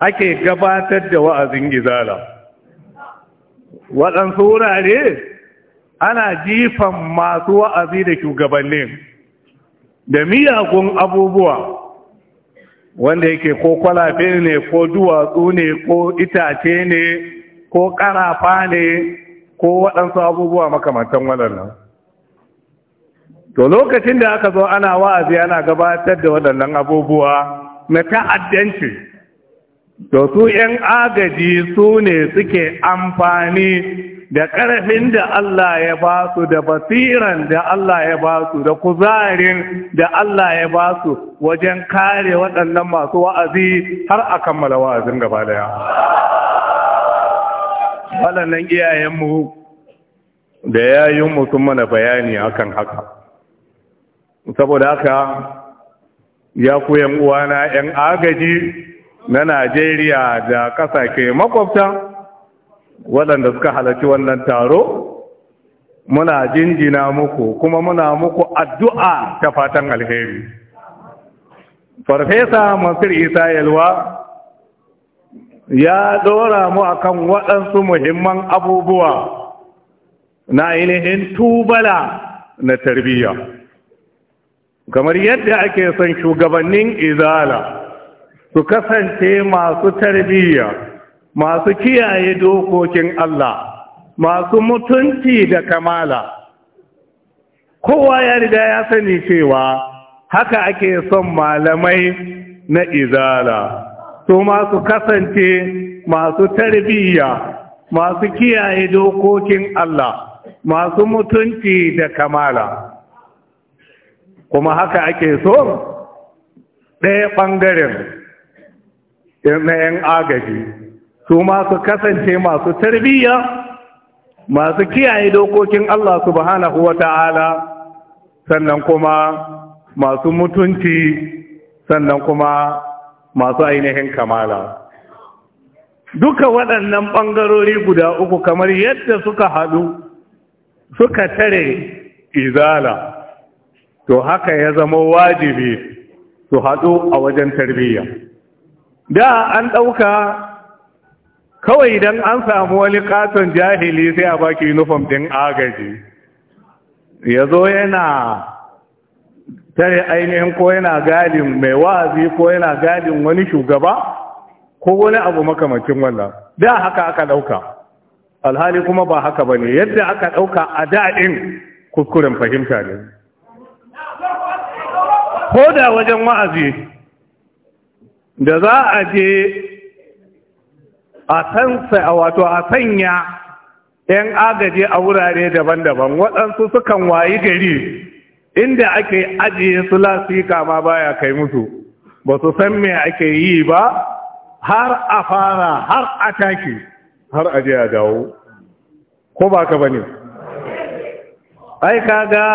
ake gabatar da wa'azin izala waɗansu wurare ana jifan masu wa'azi da shugabannin da miyagun abubuwa wanda yake ko kwalafe ne ko duwatsu ne ko itace ne ko ƙarafa ne ko waɗansu abubuwa makamantan waɗannan to lokacin da aka zo ana wa'azi ana gabatar da waɗannan abubuwa na ta'addanci to su ‘yan agaji su ne suke amfani da ƙarfin da Allah ya ba su da basiran da Allah ya ba su da kuzarin da Allah ya ba su wajen kare waɗannan masu wa'azi har a kammala wa'azin gaba daya. waɗannan iyayenmu da yayinmu sun mana bayani akan haka saboda haka ya ku uwana ‘yan agaji’ na Najeriya da ƙasa ke makwabta waɗanda suka halarci wannan taro muna jinjina muku kuma muna muku addu'a ta fatan alheri. Farfesa Masir Isa Yalwa ya ɗora mu a kan waɗansu muhimman abubuwa na ainihin tubala na tarbiyya. Kamar yadda ake son shugabannin izala su kasance masu tarbiyya masu kiyaye dokokin Allah masu mutunci da kamala kowa ya riga ya sani cewa haka ake son malamai na izala su masu kasance masu tarbiyya masu kiyaye dokokin Allah masu mutunci da kamala kuma haka ake so ɗaya ɓangaren na 'yan agaji su masu kasance masu tarbiyya masu kiyaye dokokin Allah subhanahu wa ta'ala sannan kuma masu mutunci sannan kuma masu ainihin kamala duka waɗannan ɓangarori guda uku kamar yadda suka haɗu suka tare izala to haka ya zama wajibi su haɗu a wajen tarbiyya da an ɗauka kawai idan an samu wani katon jahili sai a baki uniform ɗin agaji ya zo yana tare ainihin ko yana gadin mai wa'azi ko yana gadin wani shugaba ko wani abu makamacin wannan da haka aka ɗauka alhali kuma ba haka ba ne yadda aka ɗauka a daɗin kuskuren fahimta ne ko da wajen wa'azi da za a je a sansa wato a sanya ‘yan agaji a wurare daban-daban waɗansu sukan wayi gari inda ake ajiye su lasika ma baya kai musu ba su san me ake yi ba har a fara har a taki har a je a dawo ko ba ka bane ai kaga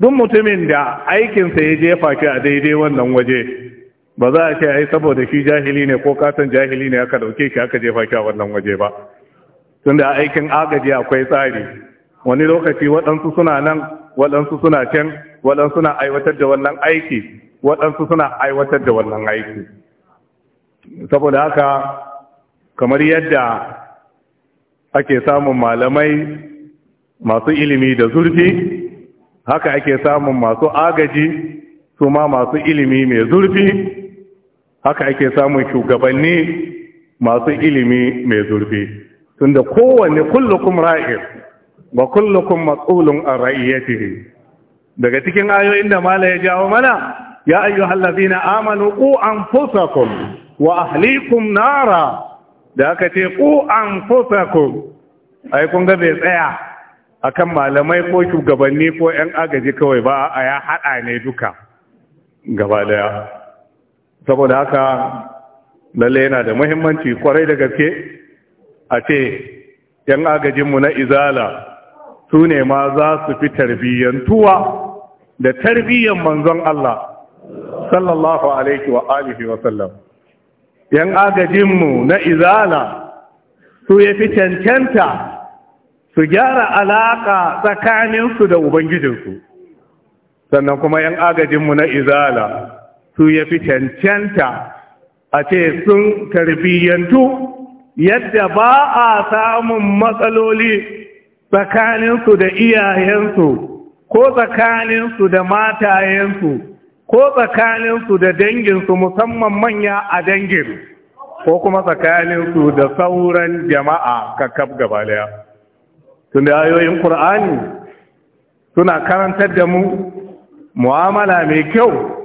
duk mutumin da aikinsa ya jefa ki a daidai wannan waje ba za a ce ai saboda shi jahili ne ko katon jahili ne aka dauke shi aka jefa shi a wannan waje ba tunda aikin agaji akwai tsari wani lokaci waɗansu suna nan waɗansu suna can waɗansu suna aiwatar da wannan aiki waɗansu suna aiwatar da wannan aiki saboda haka kamar yadda ake samun malamai masu ilimi da zurfi haka ake samun masu agaji su ma masu ilimi mai zurfi haka ake samun shugabanni masu ilimi mai zurfi tunda kowanne kullukum ra'ir wa kullukum mas'ulun an ra'iyatihi daga cikin ayoyin da mala ya jawo mana ya ayyuhal ladina amanu qu anfusakum wa ahlikum nara da aka ce qu anfusakum ai kun ga bai tsaya akan malamai ko shugabanni ko yan agaji kawai ba a ya hada ne duka gaba daya saboda haka lalle yana da muhimmanci kwarai da gaske a ce yan agajinmu na izala su ne ma za su fi tarbiyyantuwa da tarbiyyan manzon Allah sallallahu alaihi wa alihi wa sallam yan agajinmu na izala su ya fi cancanta su gyara alaƙa tsakaninsu da ubangijinsu sannan kuma yan agajinmu na izala su ya fi cancanta a ce sun tarbiyyantu yadda ba a samun matsaloli tsakaninsu da iyayensu ko tsakaninsu da matayensu ko tsakaninsu da danginsu musamman manya a dangin ko kuma tsakaninsu da sauran jama'a kakkaf gabalaya tun da ayoyin ƙur'ani suna karantar da mu mu'amala mai kyau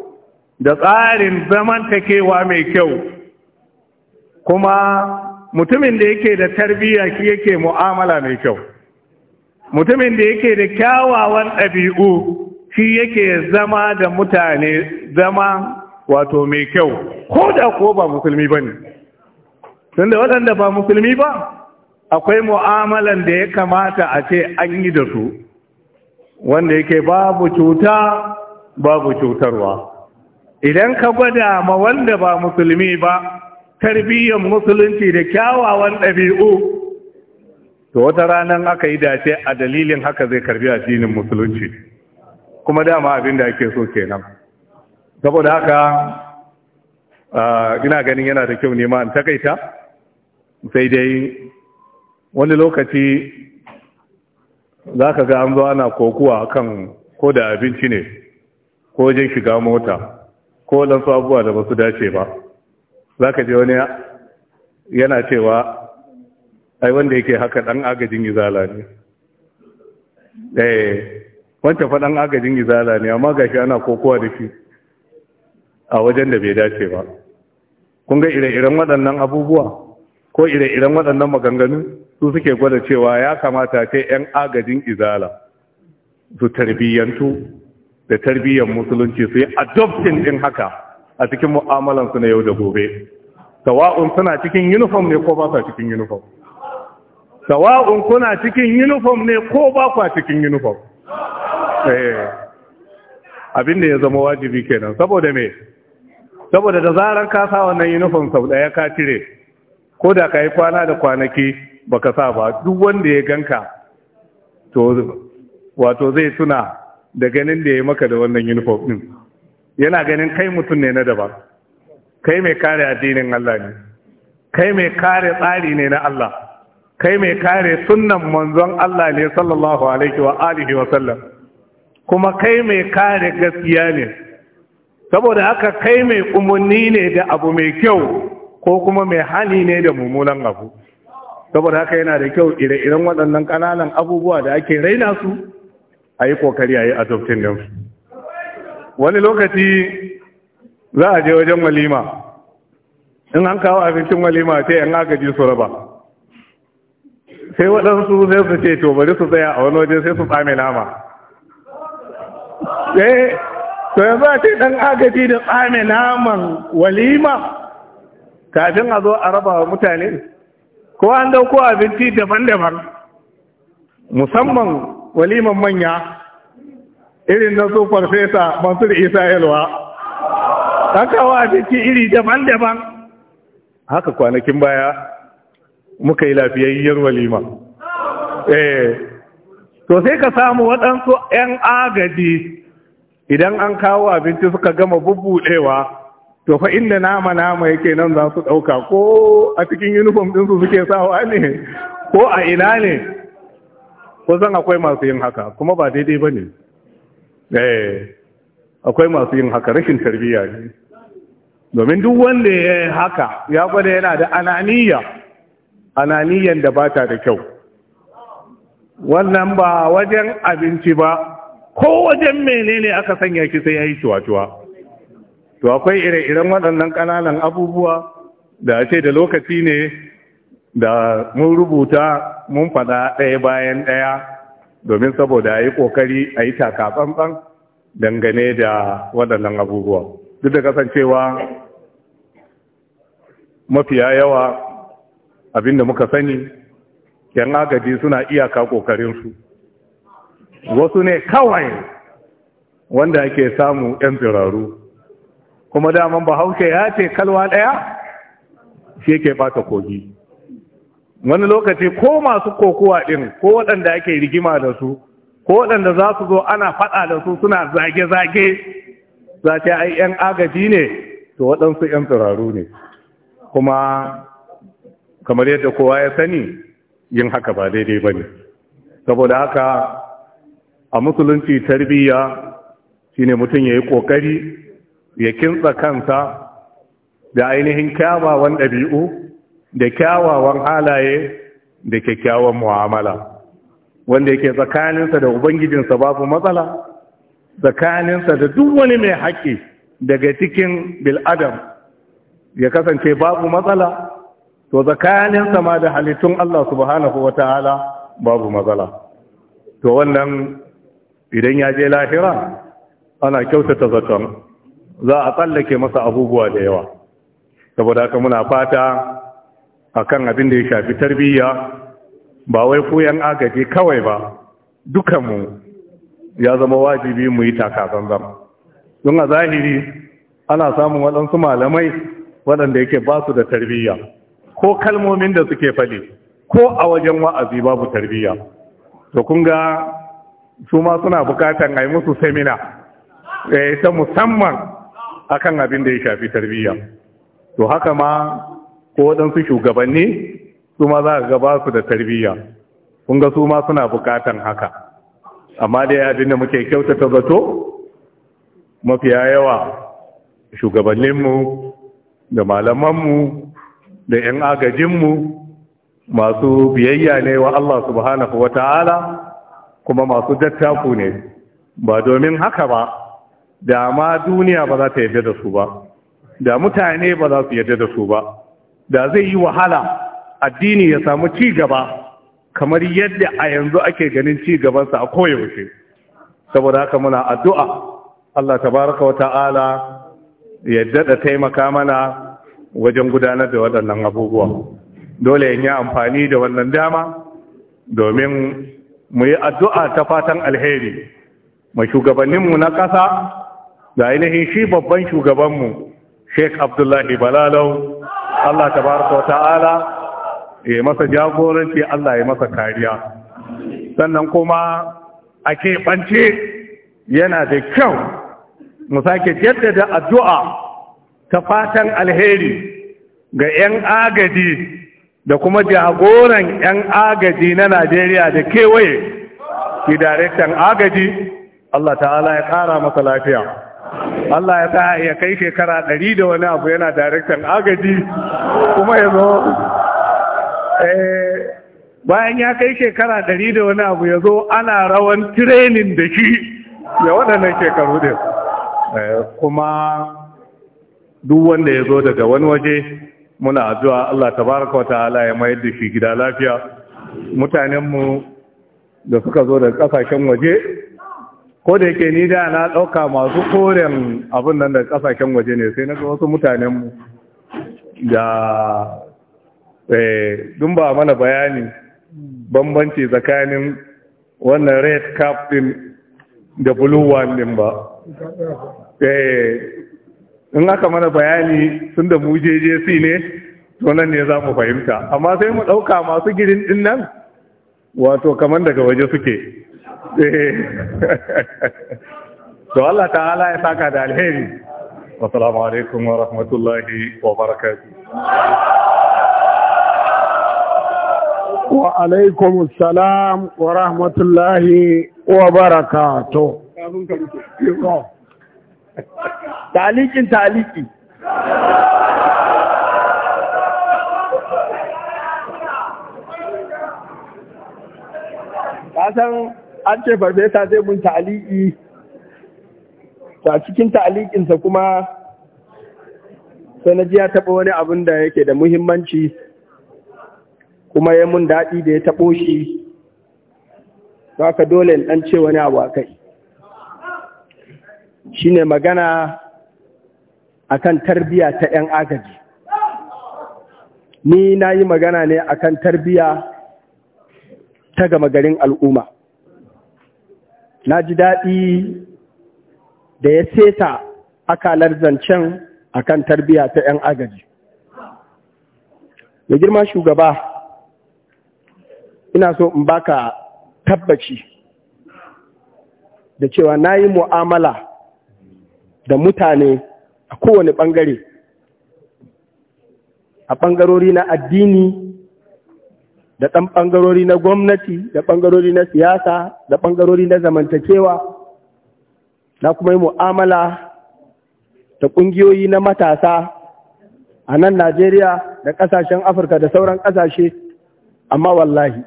da tsarin zamantakewa mai kyau kuma mutumin da yake da tarbiyya shi yake mu'amala mai kyau mutumin da yake da kyawawan ɗabi'u shi yake zama da mutane zama wato mai kyau ko da ko ba musulmi ba ne tunda waɗanda ba musulmi ba akwai mu'amalan da ya kamata a ce an yi da su wanda yake babu cuta babu cutarwa idan ka gwada ma wanda ba musulmi ba tarbiyyar musulunci da kyawawan ɗabi'u to wata ranar aka yi dace a dalilin haka zai karbi addinin musulunci kuma dama abin da ake so kenan saboda haka ina ganin yana da kyau nema in takaita sai dai wani lokaci za ka ga an zo ana kokuwa kan ko da abinci ne ko wajen shiga mota ko su abubuwa da basu su dace ba za ka je wani yana cewa ai wanda yake haka dan agajin izala ne eh fa dan agajin izala ne amma gashi ana kokowa da shi a wajen da bai dace ba kun ga ire-iren waɗannan abubuwa ko ire-iren waɗannan maganganu su suke gwada cewa ya kamata ce 'yan agajin izala su tarbiyyantu da tarbiyyar musulunci su yi adoption din haka a cikin mu'amalansu na yau da gobe tawa'un suna cikin uniform ne ko ba sa cikin uniform tawa'un kuna cikin uniform ne ko ba kwa cikin uniform eh. abin da ya zama wajibi kenan saboda me saboda da zarar ka sa wannan uniform sau daya ka cire ko da ka yi kwana da kwanaki baka sa ba duk wanda ya ganka to wato zai tuna da ganin da ya maka da wannan uniform din yana ganin kai mutum ne na daban kai mai kare addinin Allah ne kai mai kare tsari ne na Allah kai mai kare sunnan manzon Allah ne sallallahu alaihi wa alihi wa sallam kuma kai mai kare gaskiya ne saboda haka kai mai umarni ne da abu mai kyau ko kuma mai hali ne da mummunan abu saboda haka yana da kyau ire-iren waɗannan ƙananan abubuwa da ake raina su a yi kokari a yi adoptin ɗin. wani lokaci za a je wajen walima in an kawo abincin walima ce yan agaji su raba sai waɗansu sai su ce to bari su tsaya a wani waje sai su tsame nama eh to yanzu a ce ɗan agaji da tsame naman walima kafin a zo a raba wa mutane ko an dauko abinci daban-daban musamman waliman manya irin na su farfesa mansur isa yalwa takawa abinci iri daban-daban haka kwanakin baya muka yi lafiyayyar walima eh to sai ka samu waɗansu 'yan agadi idan an kawo abinci suka gama bubbuɗewa to fa inda nama nama yake nan za su ɗauka ko a cikin uniform ɗinsu suke sawa ne ko a ina ne ko zan akwai masu yin haka kuma ba daidai ba ne eh, akwai masu yin haka rashin tarbiyya ne domin duk wanda ya yi haka ya gwada yana da ananiya ananiyan da ba ta da kyau wannan ba wajen abinci ba ko wajen menene aka sanya ki sai ya yi cuwa-cuwa to akwai ire-iren waɗannan ƙananan abubuwa da ce da lokaci ne da mun rubuta mun faɗa ɗaya bayan ɗaya domin saboda ya yi ƙoƙari a yi takatsantsan dangane da waɗannan abubuwa duk da kasancewa mafiya yawa abin da muka sani yan agaji suna iyaka ƙoƙarinsu wasu ne kawai wanda ake samu 'yan tsiraru kuma daman bahaushe ya ce kalwa ɗaya shi ke ɓata kogi wani lokaci ko masu kokowa ɗin ko waɗanda ake rigima da su ko waɗanda za su zo ana faɗa da su suna zage-zage za ta ai 'yan agaji ne to waɗansu 'yan tsiraru ne kuma kamar yadda kowa ya sani yin haka ba daidai ba ne saboda haka a musulunci tarbiyya shine mutum ya yi ƙoƙari ya kintsa kansa da ainihin kyawawan ɗabi'u da kyawawan halaye da kyakkyawan mu'amala wanda yake tsakaninsa da ubangijinsa babu matsala tsakaninsa da duk wani mai haƙƙi daga cikin bil'adam ya kasance babu matsala to tsakaninsa ma da halittun Allah subhanahu wa ta'ala babu matsala to wannan idan ya je lahira ana kyautata zaton za a tsallake masa abubuwa da yawa saboda haka muna fata akan abin da ya shafi tarbiyya ba wai koyan agaji kawai ba dukanmu ya zama wajibi mu yi takasan zama don a zahiri ana samun waɗansu malamai waɗanda yake ba su da tarbiyya ko kalmomin da suke faɗi ko a wajen wa'azi babu tarbiyya to kun ga su ma suna bukatan a yi musu semina eh, ta musamman akan abin da ya shafi tarbiyya to haka ma ko waɗansu shugabanni su ma za ga ba su da tarbiyya kun ga su ma suna bukatan haka amma dai abin da muke kyautata zato mafiya yawa shugabanninmu da malamanmu da 'yan agajinmu masu biyayya ne wa Allah subhanahu wa ta'ala kuma masu dattafu ne ba domin haka ba da ma duniya ba za ta yadda da su ba da mutane ba za su yadda da su ba da zai yi wahala addini ya samu ci gaba kamar yadda a yanzu ake ganin ci gabansa a koyaushe saboda haka muna addu'a Allah tabaraka wa ta'ala ya dada taimaka mana wajen gudanar da waɗannan abubuwa dole in yi amfani da wannan dama domin mu yi addu'a ta fatan alheri ma shugabanninmu na ƙasa da ainihin shi babban shugabanmu sheik abdullahi balalau Allah tabaraka wata'ala ya yi masa jagoranci Allah ya masa kariya sannan kuma a keɓance yana da kyau mu sake jaddada addu'a ta fatan alheri ga 'yan agaji da kuma jagoran 'yan agaji na Najeriya da kewaye, ki daraktan agaji, Allah ta'ala ya ƙara masa lafiya. Allah ya sa ya kai shekara ɗari da wani abu yana daraktan agaji kuma ya zo eh, bayan ya kai shekara ɗari da wani abu ya zo ana rawan tirenin da shi ya waɗannan shekaru ɗin eh, kuma duk wanda ya zo daga wani waje muna zuwa Allah tabaraka wa ta'ala ya mayar da shi gida lafiya mutanenmu da suka zo daga ƙasashen waje ko da yake ni da na ɗauka masu koren abin nan da ƙasashen waje ne sai na ga wasu mutanenmu da eh, dun ba mana bayani bambanci tsakanin wannan red cap din da blue one din ba eh, in aka mana bayani sun da mu jjc ne to nan ne za mu fahimta amma sai mu ɗauka masu girin dinnan nan wato kamar daga waje suke Eh. to Allah ta'ala ya saka da alheri wa salamu alaikum wa rahmatullahi wa barakatuh wa alaikum assalam wa rahmatullahi wa barakatuh talikin taliki an ce farfesa zai mun ta'aliki ta cikin ta'alikinsa kuma sai na ji ya taɓa wani abin da yake da muhimmanci kuma ya mun daɗi da ya taɓo shi Ba ka dole in ɗan ce wani abu a kai Shi ne magana akan tarbiya ta 'yan agaji ni na yi magana ne akan tarbiya ta gama garin al'umma na ji daɗi da ya seta akalar zancen a kan tarbiyya ta 'yan agaji. Mai girma shugaba, ina so in baka tabbaci da cewa na yi mu'amala da mutane a kowane ɓangare, a ɓangarori na addini da ɗan ɓangarori na gwamnati da ɓangarori na siyasa da ɓangarori na zamantakewa na kuma yi mu'amala da ƙungiyoyi na matasa a nan Najeriya da ƙasashen Afirka da sauran ƙasashe amma wallahi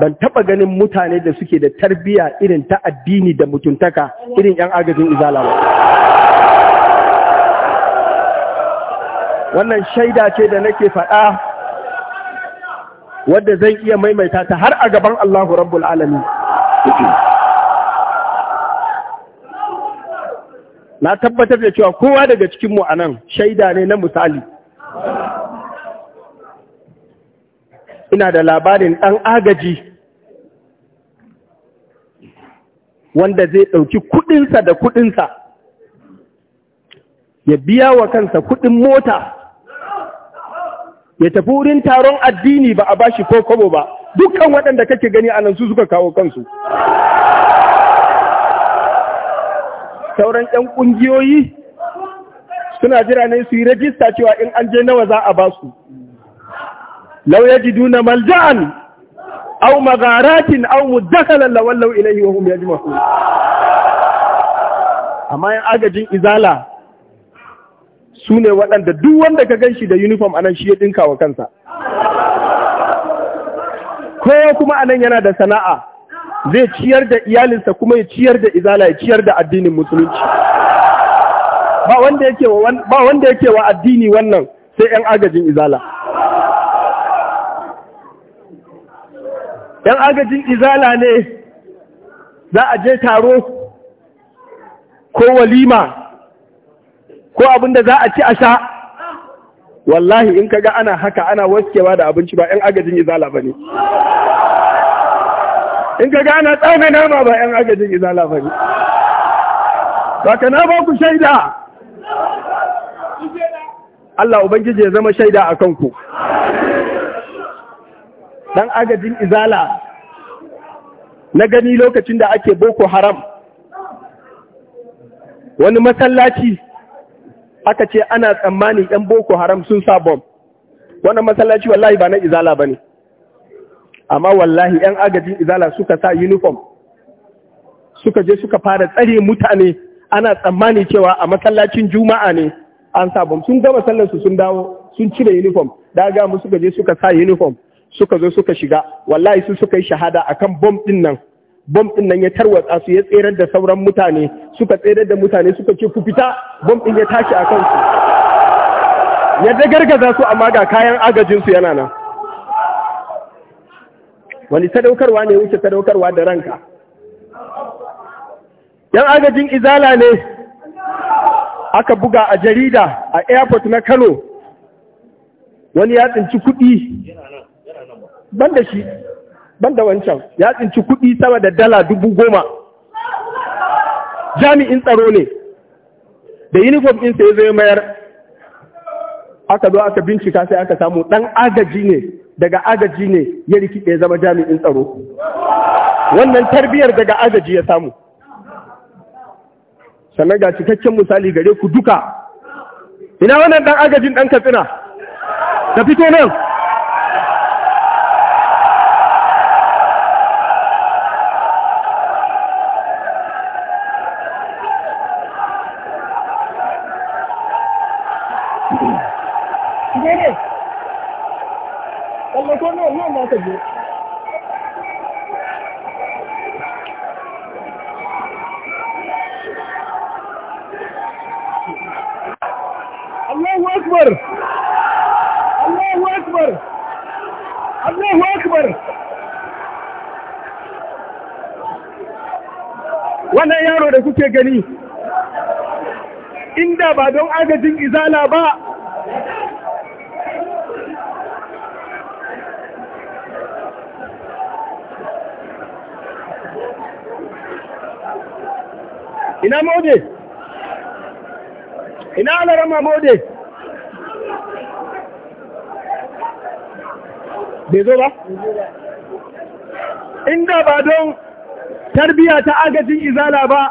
ban taɓa ganin mutane da suke da tarbiyya irin ta addini da mutuntaka irin 'yan agajin izala ba. Wannan shaida ce da nake faɗa wadda zai iya maimaita ta har a gaban Allahu rabbul Alami. na tabbatar da cewa kowa daga cikinmu a nan shaida ne na misali ina da labarin ɗan agaji wanda zai ɗauki kuɗinsa da kuɗinsa ya biya wa kansa kuɗin mota ya tafi wurin taron addini ba a bashi ko kobo ba dukkan waɗanda kake gani a nan su suka kawo kansu sauran ƴan ƙungiyoyi suna jira ne su yi rajista cewa in an je nawa za a ba su lau na malja'an aw magharatin aw mudakhalan lawallaw ilayhi wa hum yajma'un amma yan agajin izala su ne waɗanda duk wanda ka gan shi da uniform anan shi ya ɗinka wa kansa Ko kuma anan yana da sana'a zai ciyar da iyalinsa kuma ya ciyar da izala ya ciyar da addinin musulunci ba wanda yake wa addini wannan sai 'yan agajin izala ‘yan agajin izala ne za a je taro ko walima ko abin da za a ci a sha wallahi in kaga ana haka ana waskewa da abinci ba yan agajin izala ba ne in kaga ana tsaga nama ba yan agajin izala ba ne ba ka na ba ku shaida Allah Ubangiji ya zama shaida a kanku dan agajin izala na gani lokacin da ake boko haram wani masallaci aka ce ana tsammanin ‘yan Boko Haram sun sa bom, wannan masallaci wallahi ba na izala ba ne, amma wallahi ‘yan agajin izala suka sa uniform, suka je suka fara tsare mutane ana tsammani cewa a masallacin juma'a ne an sa bom, sun gama sallarsu sun dawo sun cire uniform, da ga mu suka je suka sa uniform, suka zo suka shiga, wallahi sun suka yi shahada akan bom ɗin nan. bom ɗin nan ya tarwatsa su ya tserar da sauran mutane suka tserar da mutane suka ce ku fita bom ɗin ya tashi a kansu ya gargaza su amma ga kayan agajinsu yana nan wani sadaukarwa ne wuce sadaukarwa da ranka yan agajin izala ne aka buga a jarida a airport na kano wani ya tsinci kuɗi ban da shi ban da wancan ya tsinci kuɗi sama da dala dubu goma jami'in tsaro ne da uniform ɗin sai zai mayar aka zo aka bincika sai aka samu ɗan agaji ne daga agaji ne ya rikide zama jami'in tsaro wannan tarbiyar daga agaji ya samu sannan ga cikakken misali gare ku duka ina wannan ɗan agajin ɗan katsina da fito nan gani inda ba don agajin izala ba ina mode ina alarama mode bai zo ba inda ba don tarbiya ta agajin izala ba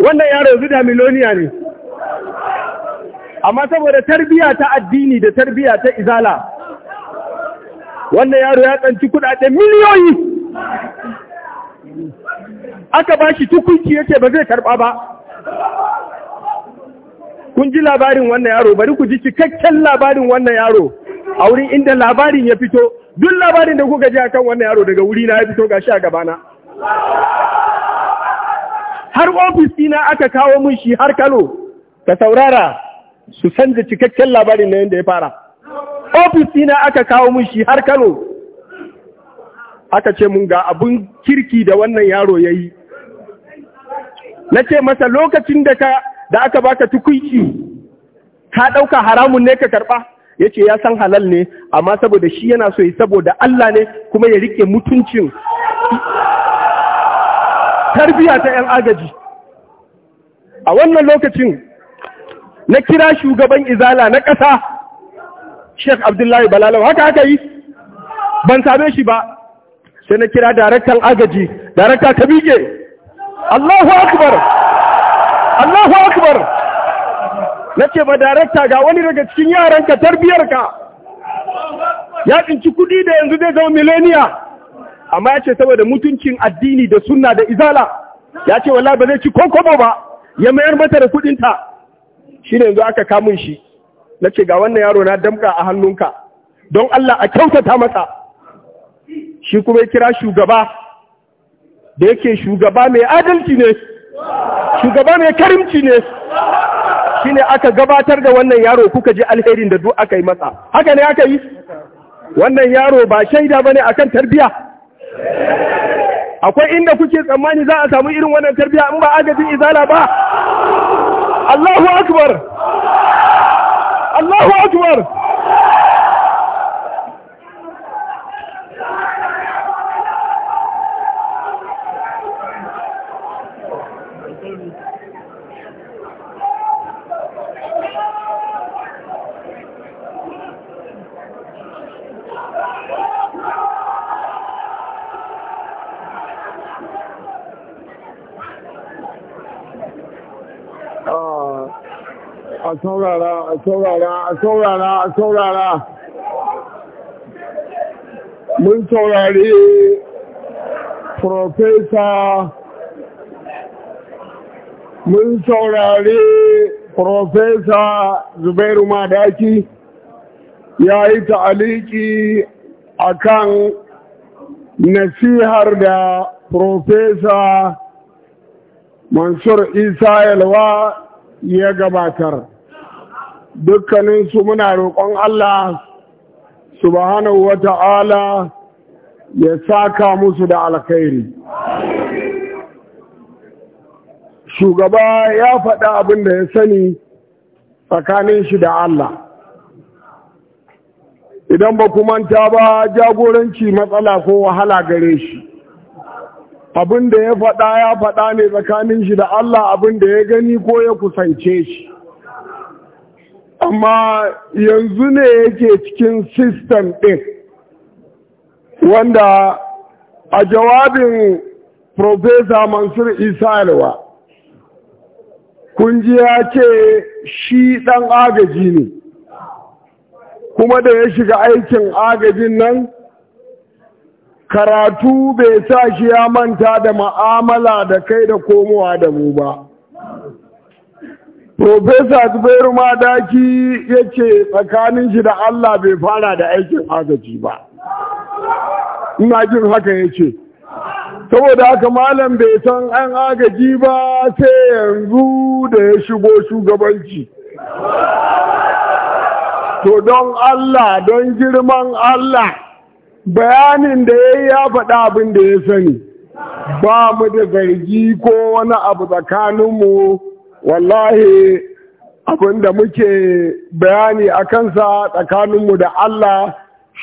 wannan yaro yanzu da miloniya ne amma saboda tarbiya ta addini da tarbiya ta izala wannan yaro ya tsanci kudaden miliyoyi aka ba shi tukunci yake ba zai karba ba kun ji labarin wannan yaro bari ku ji cikakken labarin wannan yaro a wurin inda labarin ya fito duk labarin da kuka ji akan wannan yaro daga wuri na ya fito gashi a gabana har ofis dina aka kawo mun shi har Kano ka saurara su san da cikakken labarin na yadda ya fara ofis dina aka kawo mun shi har Kano aka ce mun ga abun kirki da wannan yaro yayi nace masa lokacin da ka da aka baka tukuici ka ɗauka haramun ne ka karɓa yace ya san halal ne amma saboda shi yana so ya saboda Allah ne kuma ya rike mutuncin tarbiya ta 'yan agaji a wannan lokacin na kira shugaban izala na ƙasa Sheikh abdullahi balalau haka haka yi ban same shi ba sai na kira daraktan agaji darakta ta bige allahu akbar allahu akbar na ce ba darakta ga wani daga cikin yaranka tarbiyarka ya tsinci kudi da yanzu zai zama miliniya. amma ya ce saboda mutuncin addini da sunna da izala ya ce wallahi ba zai ci kokobo ba ya mayar mata da kudinta shi ne yanzu aka kamun shi na ce ga wannan yaro na damka a hannunka don Allah a kyautata masa shi kuma ya kira shugaba da yake shugaba mai adalci ne shugaba mai karimci ne shi ne aka gabatar da wannan yaro kuka ji alherin da duk aka yi masa haka ne aka yi wannan yaro ba shaida ba ne a kan tarbiyya? akwai inda kuke tsammani za a samu irin wannan tarbiya in ba agajin izala ba Allahu akbar Allahu akbar a saurara a saurara a saurara a saurara mun saurari profesa mun saurari profesa zubairu madaki ya yi ta'aliki a kan nasihar da profesa mansur isa yalwa ya gabatar dukkaninsu muna roƙon Allah subhanahu wa ta'ala ya saka musu da alkhairi. Shugaba ya faɗa abin da ya sani tsakanin shi da Allah. Idan ba manta ba jagoranci matsala ko wahala gare shi. Abin da ya faɗa ya faɗa ne tsakanin shi da Allah abin da ya gani ko ya kusance shi. amma yanzu ne yake cikin sistem ɗin wanda a jawabin Profesa Mansur Isa Alwa, kunji ya ce shi ɗan agaji ne, kuma da ya shiga aikin agajin nan, karatu bai sa shi ya manta da ma'amala da kai da komowa da mu ba. Profesa Zubairu Madaki ya ce tsakanin shi da Allah bai fara da aikin agaji ba. Ina jin haka ya ce. Saboda haka malam bai san an agaji ba sai yanzu da ya shigo shugabanci. To don Allah, don girman Allah, bayanin da ya yi ya faɗa abin da ya sani, ba mu da zargi ko wani abu tsakaninmu. wallahi abin da muke bayani a kansa tsakaninmu da Allah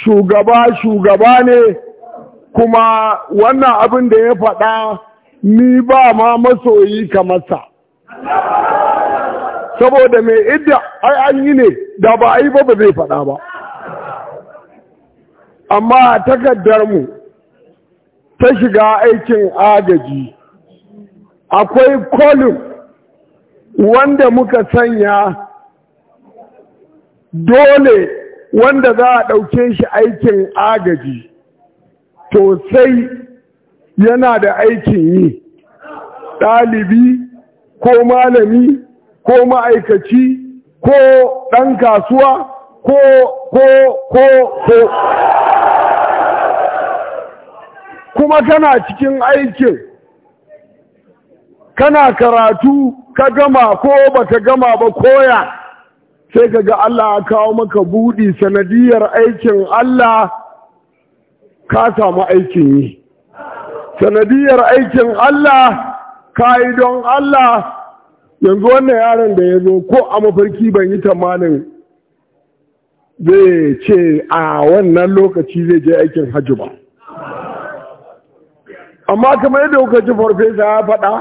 shugaba shugaba ne kuma wannan abin da ya faɗa ni ba ma masoyi kamarsa saboda mai idda ai an yi ne da ba a ba ba zai faɗa ba amma mu ta shiga aikin agaji akwai kolin wanda muka sanya dole wanda za a ɗauke shi aikin agaji to sai yana da aikin yi ɗalibi ko malami ko ma'aikaci ko ɗan kasuwa ko ko ko ko kuma kana cikin aikin kana karatu ka gama ko baka gama ba koya sai ka ga Allah ya kawo maka buɗi sanadiyar aikin Allah ka samu aikin yi sanadiyar aikin Allah ka yi don Allah yanzu wannan yaron da ya zo ko a mafarki ban yi tamanin zai ce a wannan lokaci zai je aikin hajji ba amma kamar yadda kuka ji farfesa ya faɗa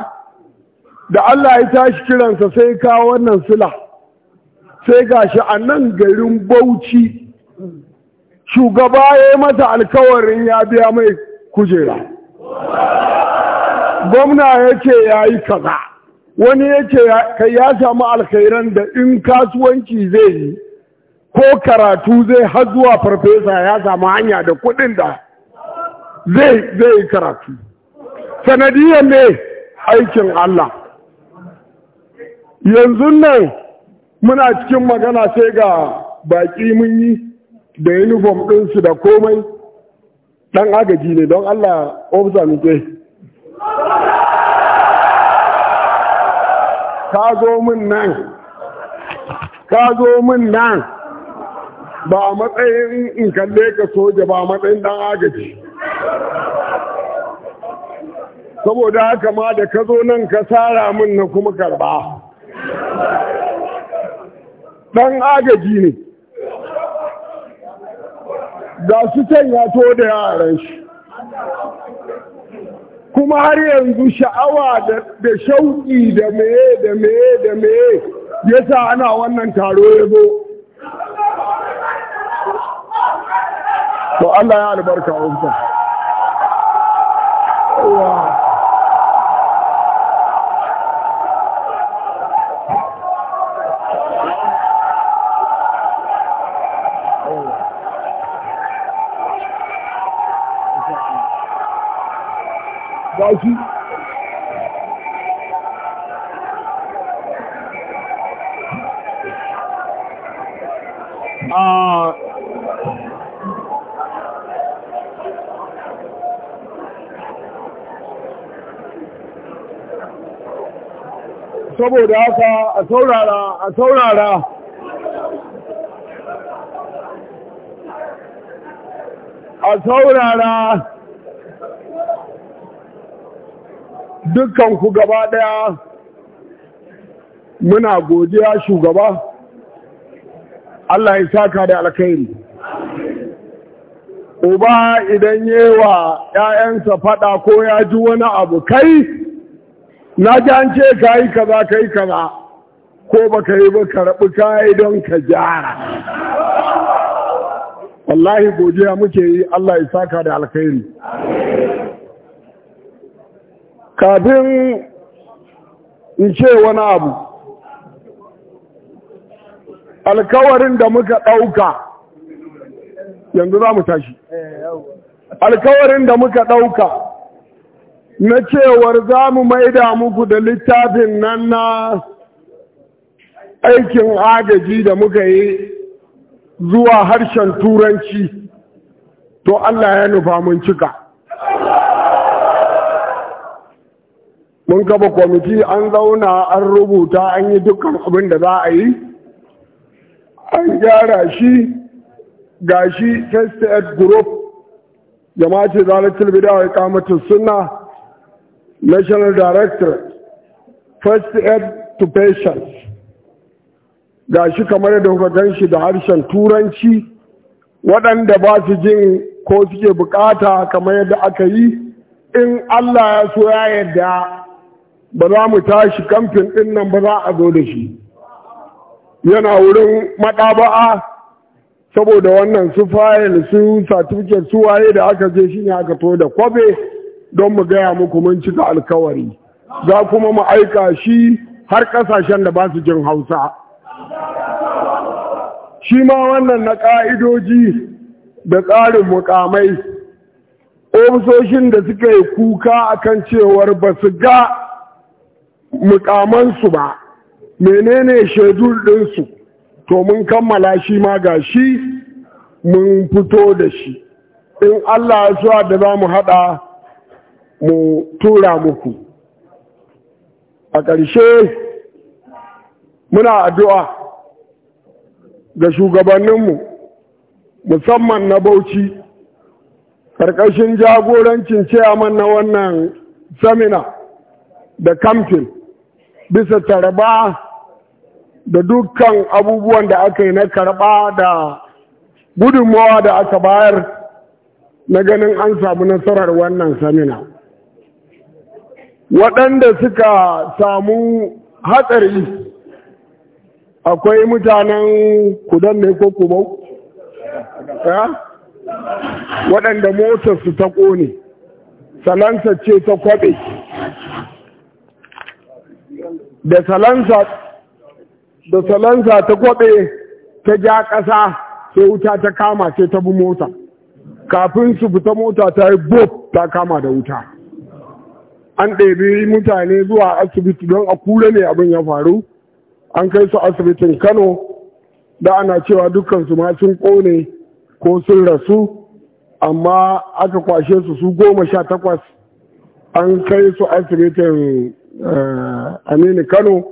da Allah ya tashi kiransa sai ka wannan sila sai gashi a nan garin bauchi shugaba ya yi mata alkawarin ya biya mai kujera gwamna ya ce ya yi kaza wani ya ce kai ya samu alkhairan da in kasuwanci zai yi ko karatu zai hazuwa zuwa farfesa ya samu hanya da kuɗin da zai yi karatu sanadiyar ne aikin Allah yanzu nan muna cikin magana sai ga baƙi mun yi da uniform ɗinsu da komai ɗan agaji ne don Allah ofisa muke ka zo nan ka zo nan ba a matsayin in kalle ka soja ba a matsayin ɗan agaji saboda haka ma da ka zo nan ka tsara min na kuma karɓa. ɗan agaji ne ga su can to da yaran shi kuma har yanzu sha'awa da shauƙi da meye da meye da meye yasa ana wannan taro ya zo to Allah ya albarka wanka. dájú. Ah. Saboda haka a saurara, a saurara. A saurara. dukkan ku gaba ɗaya muna godiya shugaba Allah ya saka da alkhairi uba idan yewa ‘ya'yansa fada ko ya ji wani abu kai na ji an ce ka kaza kai kaza ko baka yi ba karɓi kai don ka jara wallahi godiya muke yi Allah ya saka da alkhairi kafin in ce wani abu alkawarin da muka ɗauka yanzu za mu tashi alkawarin da muka ɗauka na cewar za mu maida muku da littafin nan na aikin agaji da muka yi zuwa harshen turanci to Allah ya nufa mun cika mun kafa kwamiti an zauna an rubuta an yi dukkan abin da za a yi an gyara shi ga shi first aid group jama'a ce zalatul bidawa ya kamata suna national director first aid to patients ga shi kamar da kuka gan shi da harshen turanci waɗanda ba su jin ko suke bukata kamar yadda aka yi in Allah ya so ya yarda ba za mu tashi kamfin ɗin nan ba za a zo da shi yana wurin maɗaba'a saboda wannan su fayil su certificate su waye da aka je shi ne aka to da kwabe don mu gaya muku mun cika alkawari za kuma mu aika shi har ƙasashen da ba su jin hausa shi ma wannan na ƙa'idoji da tsarin mukamai ofisoshin da suka yi kuka akan cewar ba su ga mukamansu ba menene shaidu ɗinsu to mun kammala shi ma ga shi mun fito da shi in Allah ya suwa da za mu haɗa mu tura muku a ƙarshe muna addu'a ga shugabanninmu musamman na bauchi ƙarƙashin jagorancin ciyaman na wannan samina da kamfin bisa taraba da dukkan abubuwan da aka yi na karɓa da gudunmawa da aka bayar na ganin an samu nasarar wannan samina waɗanda suka samu hatsari akwai mutanen kudan ne ko kubau waɗanda motarsu ta ƙone salansa ce ta kwaɓe da salansa ta kwaɓe ta ja ƙasa sai wuta ta kama sai ta bi mota kafin su fita mota ta yi bob ta kama da wuta an ɗebi mutane zuwa asibiti don a kura ne abin ya faru an kai su asibitin kano da ana cewa dukkan ma sun ƙone ko sun rasu amma aka kwashe su su goma sha takwas an kai su asibitin Eh, aminu kano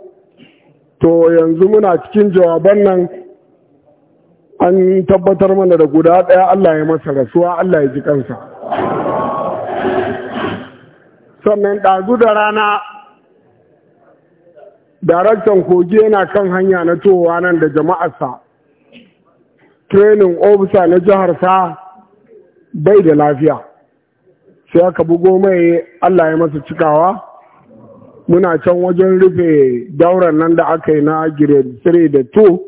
to yanzu muna cikin jawaban nan an tabbatar mana da guda ɗaya allah ya masa rasuwa allah ya ji kansa sannan ɗazu da rana daraktan kogi yana kan hanya na towa nan da jama'arsa training officer na jiharsa bai da lafiya sai aka bugo mai allah ya masa cikawa muna can wajen rufe dauran nan da aka yi na grade 3 da 2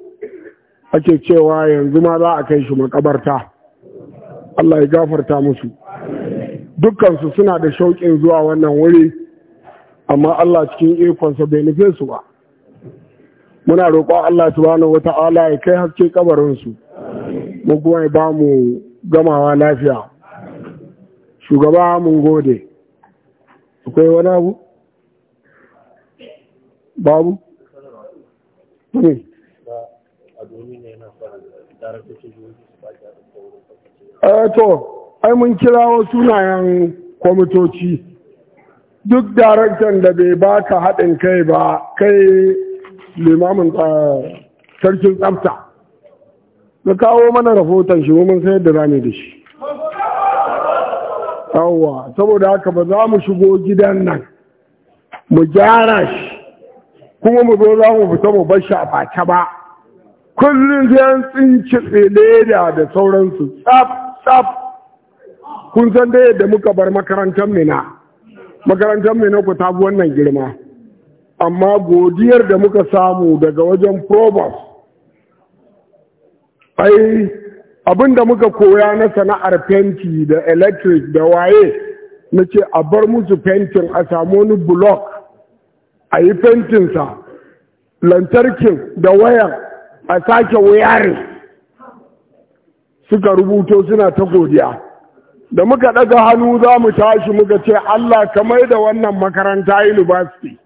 ake cewa yanzu ma za a kai shi makabarta Allah ya gafarta musu dukkansu suna da shauƙin zuwa wannan wuri amma Allah cikin ikonsa bai nufe su ba muna roƙon Allah subhanahu wata'ala ya kai haske kabarinsu mu kuma ya ba mu gamawa lafiya shugaba mun gode akwai wani abu babu eh. Eh, to ai mun kira wa sunayen kwamitoci duk daraktan da bai baka haɗin kai ba kai limamin eh, sarkin tsafta da kawo mana rahoton shi mun sai da rani da shi yawwa saboda haka ba za mu shigo gidan nan mu gyara shi kuma mu zo za mu fita mu bar shi a face ba kullum sai an tsinci leda da sauransu tsaf tsaf kun san da yadda muka bar makarantar mina makarantar mina ku ta wannan girma amma godiyar da muka samu daga wajen probos ai abinda muka koya na sana'ar fenti da electric da waye na ce a bar musu fentin a samu wani block a yi fentinsa lantarkin da wayan a sake wayarin suka rubuto suna ta godiya da muka ɗaga hannu za mu tashi muka ce Allah kamar da wannan makaranta university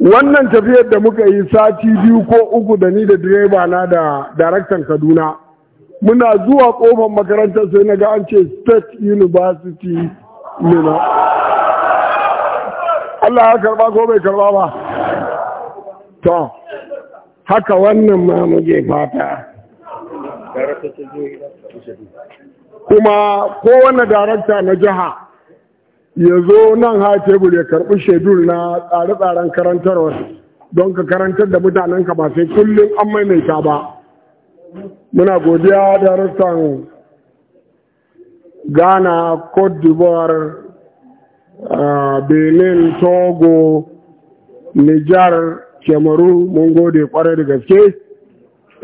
wannan tafiyar da muka yi sati biyu ko uku da ni da direba na da daraktan kaduna muna zuwa kofar makarantar sai na ga an ce state university nuna Allah ya karba ko bai karba ba to haka wannan ma muke fata kuma ko kowane darakta na jiha ya zo nan ha tebur ya karbi shedul na tsare-tsaren karantarwar don ka karantar da mutanenka ba sai kullum an maimaita ba muna godiya da ghana cote d'ivoire Ah, benin togo nijar kemaru mun gode kwarai da gaske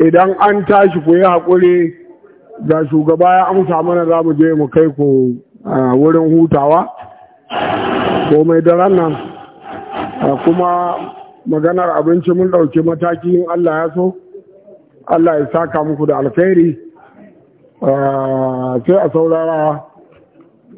idan an tashi ku yi haƙuri ga shugaba ya amsa mana za mu je mu kai ku ah, wurin hutawa komai daren nan ah, kuma maganar abinci mun ɗauki mataki in Allah ya so Allah ya saka muku da alkhairi sai a saurara